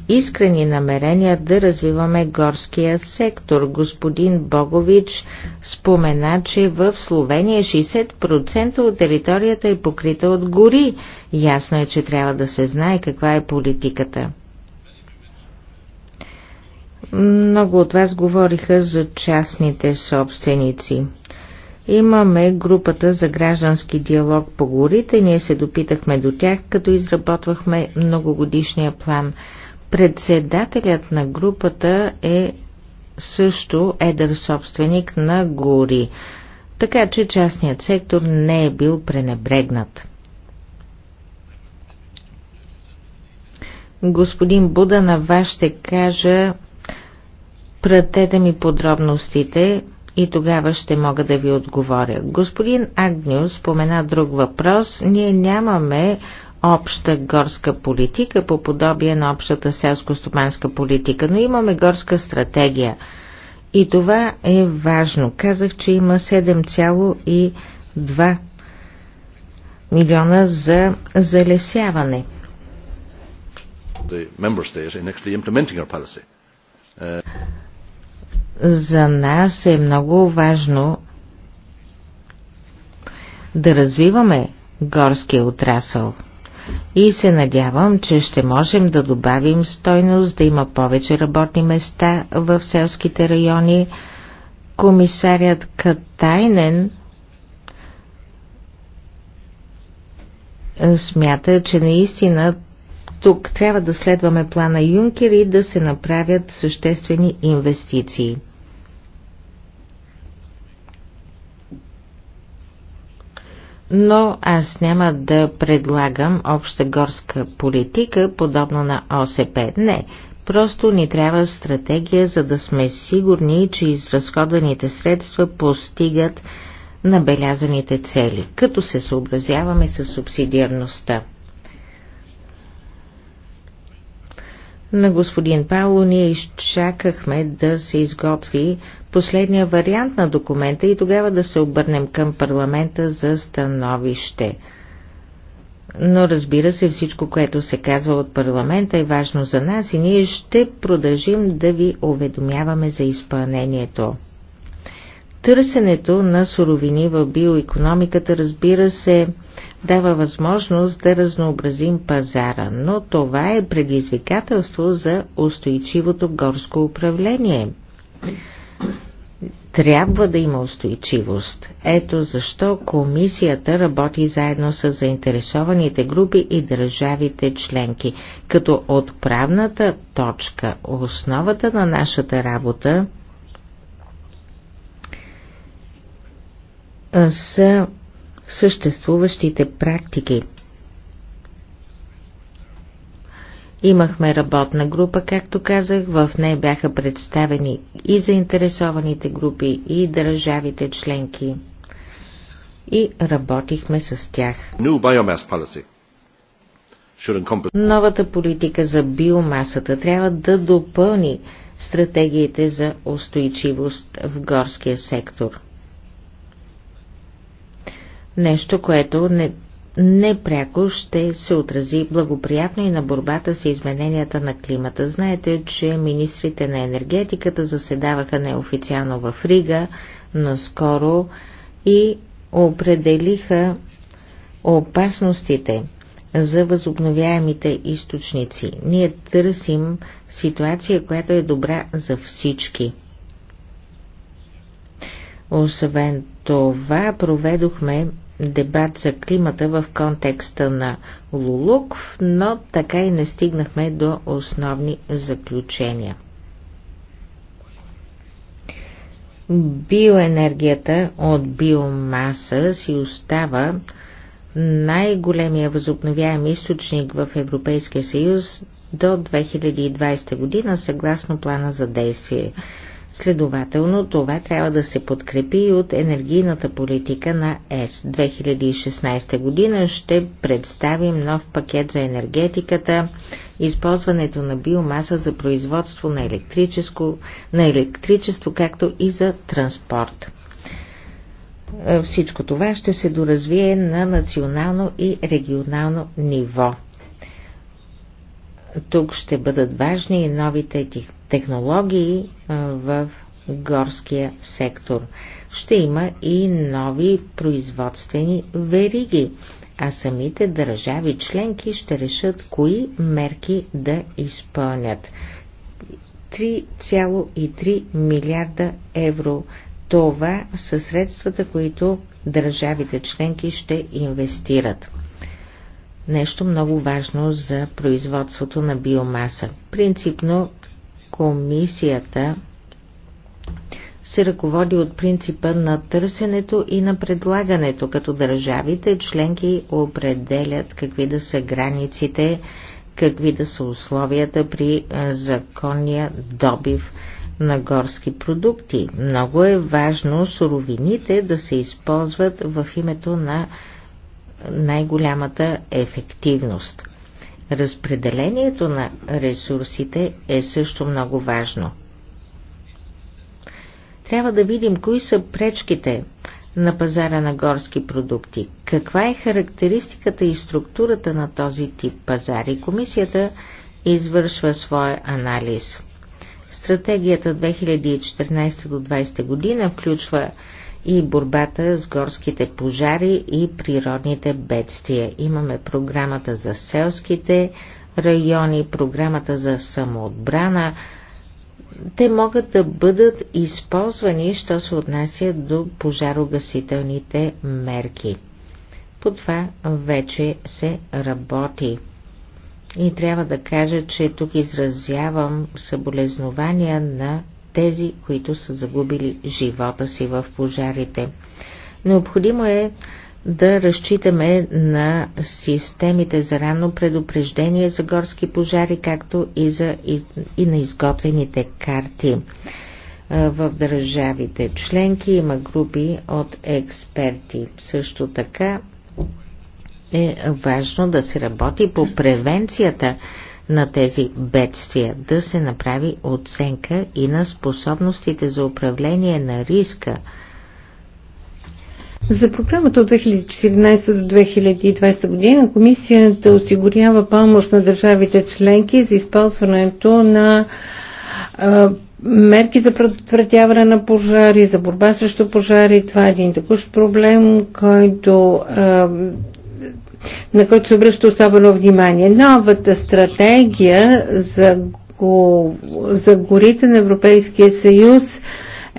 искрени намерения да развиваме горския сектор. Господин Богович спомена, че в Словения 60% от територията е покрита от гори. Ясно е, че трябва да се знае каква е политиката. Много от вас говориха за частните собственици. Имаме групата за граждански диалог по горите. Ние се допитахме до тях, като изработвахме многогодишния план – Председателят на групата е също едър собственик на гори, така че частният сектор не е бил пренебрегнат. Господин Буда, на вас ще кажа, пратете ми подробностите и тогава ще мога да ви отговоря. Господин Агню спомена друг въпрос. Ние нямаме обща горска политика по подобие на общата селско-стопанска политика, но имаме горска стратегия. И това е важно. Казах, че има 7,2 милиона за залесяване. Uh, за нас е много важно да развиваме горския отрасъл и се надявам, че ще можем да добавим стойност, да има повече работни места в селските райони. Комисарят Катайнен смята, че наистина тук трябва да следваме плана Юнкер и да се направят съществени инвестиции. но аз няма да предлагам обща горска политика, подобно на ОСП. Не, просто ни трябва стратегия, за да сме сигурни, че изразходваните средства постигат набелязаните цели, като се съобразяваме с субсидиарността. на господин Пауло ние изчакахме да се изготви последния вариант на документа и тогава да се обърнем към парламента за становище. Но разбира се, всичко, което се казва от парламента е важно за нас и ние ще продължим да ви уведомяваме за изпълнението. Търсенето на суровини в биоекономиката, разбира се, дава възможност да разнообразим пазара, но това е предизвикателство за устойчивото горско управление. Трябва да има устойчивост. Ето защо комисията работи заедно с заинтересованите групи и държавите членки, като отправната точка, основата на нашата работа са съществуващите практики. Имахме работна група, както казах, в нея бяха представени и заинтересованите групи, и държавите членки. И работихме с тях. Новата политика за биомасата трябва да допълни стратегиите за устойчивост в горския сектор – Нещо, което не, непряко ще се отрази благоприятно и на борбата с измененията на климата. Знаете, че министрите на енергетиката заседаваха неофициално в Рига, наскоро и определиха опасностите за възобновяемите източници. Ние търсим ситуация, която е добра за всички. Освен това, проведохме дебат за климата в контекста на Лулук, но така и не стигнахме до основни заключения. Биоенергията от биомаса си остава най-големия възобновяем източник в Европейския съюз до 2020 година, съгласно плана за действие. Следователно, това трябва да се подкрепи и от енергийната политика на ЕС. 2016 година ще представим нов пакет за енергетиката, използването на биомаса за производство на, електрическо, на електричество, както и за транспорт. Е, всичко това ще се доразвие на национално и регионално ниво. Тук ще бъдат важни и новите технологии технологии в горския сектор. Ще има и нови производствени вериги, а самите държави членки ще решат кои мерки да изпълнят. 3,3 милиарда евро. Това са средствата, които държавите членки ще инвестират. Нещо много важно за производството на биомаса. Принципно комисията се ръководи от принципа на търсенето и на предлагането, като държавите членки определят какви да са границите, какви да са условията при законния добив на горски продукти. Много е важно суровините да се използват в името на най-голямата ефективност. Разпределението на ресурсите е също много важно. Трябва да видим кои са пречките на пазара на горски продукти, каква е характеристиката и структурата на този тип пазари. Комисията извършва своя анализ. Стратегията 2014 до 2020 година включва и борбата с горските пожари и природните бедствия. Имаме програмата за селските райони, програмата за самоотбрана. Те могат да бъдат използвани, що се отнася до пожарогасителните мерки. По това вече се работи. И трябва да кажа, че тук изразявам съболезнования на тези, които са загубили живота си в пожарите. Необходимо е да разчитаме на системите за ранно предупреждение за горски пожари, както и, за, и, и на изготвените карти. В държавите членки има групи от експерти. Също така е важно да се работи по превенцията на тези бедствия, да се направи оценка и на способностите за управление на риска. За програмата от 2014 до 2020 година комисията осигурява помощ на държавите членки за използването на мерки за предотвратяване на пожари, за борба срещу пожари. Това е един такъв проблем, който на който се обръща особено внимание. Новата стратегия за, го, за горите на Европейския съюз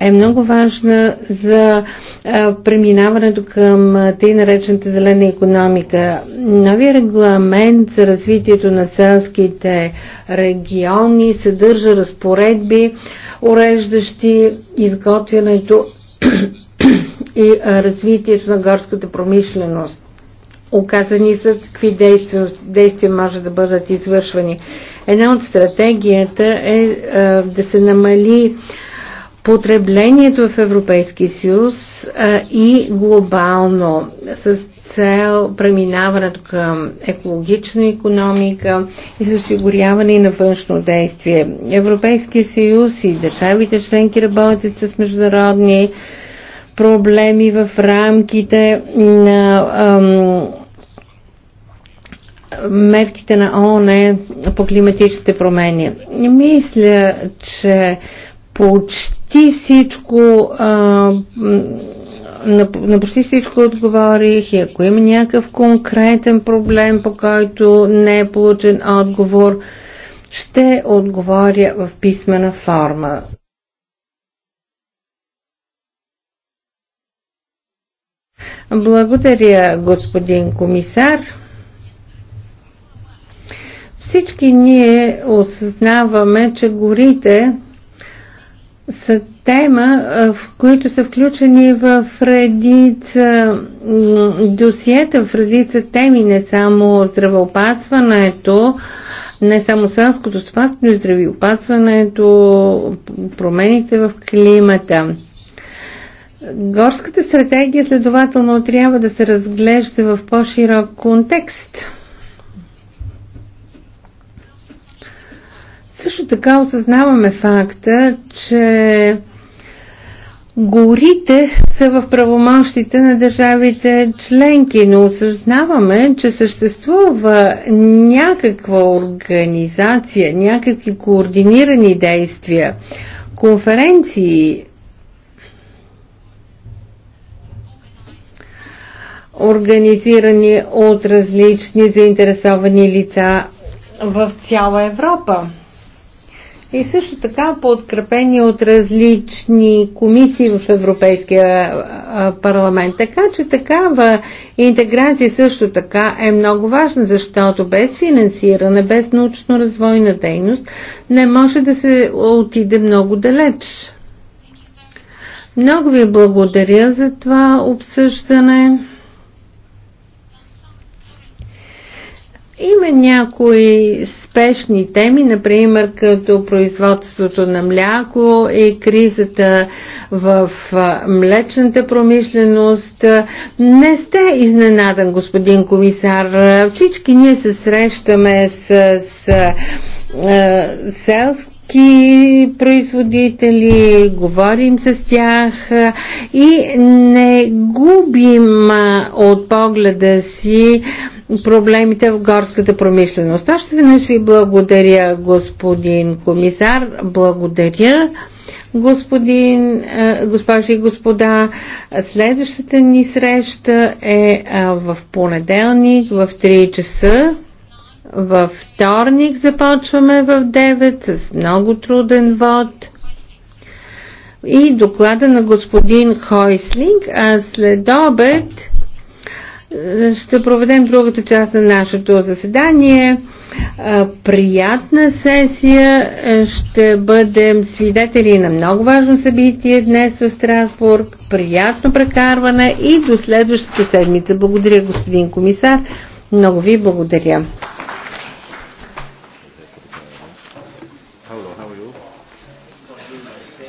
е много важна за а, преминаването към тъй наречената зелена економика. Новия регламент за развитието на селските региони съдържа разпоредби, уреждащи изготвянето и развитието на горската промишленост оказани за какви действия, действия може да бъдат извършвани. Една от стратегията е а, да се намали потреблението в Европейския съюз а, и глобално с цел преминаването към екологична економика и за осигуряване на външно действие. Европейския съюз и държавите членки работят с международни проблеми в рамките на ам, мерките на ООН по климатичните промени. Мисля, че почти всичко а, на, на почти всичко отговорих и ако има някакъв конкретен проблем, по който не е получен отговор, ще отговоря в писмена форма. Благодаря, господин комисар. Всички ние осъзнаваме, че горите са тема, в които са включени в редица досиета, в редица теми, не само здравеопазването, не само селското стопанство, но и здравеопазването, промените в климата. Горската стратегия следователно трябва да се разглежда в по-широк контекст – Също така осъзнаваме факта, че горите са в правомощите на държавите членки, но осъзнаваме, че съществува някаква организация, някакви координирани действия, конференции, организирани от различни заинтересовани лица в цяла Европа и също така подкрепени от различни комисии в Европейския парламент. Така че такава интеграция също така е много важна, защото без финансиране, без научно-развойна дейност не може да се отиде много далеч. Много ви благодаря за това обсъждане. Има някои спешни теми, например като производството на мляко и кризата в млечната промишленост. Не сте изненадан, господин комисар. Всички ние се срещаме с, с е, селски производители, говорим с тях и не губим от погледа си проблемите в горската промишленост. Аз веднъж ви благодаря, господин комисар. Благодаря. Господин, е, госпожи и господа, следващата ни среща е, е в понеделник в 3 часа. Във вторник започваме в 9 с много труден вод и доклада на господин Хойслинг, а след обед ще проведем другата част на нашето заседание. Приятна сесия. Ще бъдем свидетели на много важно събитие днес в Страсбург. Приятно прекарване и до следващата седмица. Благодаря, господин комисар. Много ви благодаря.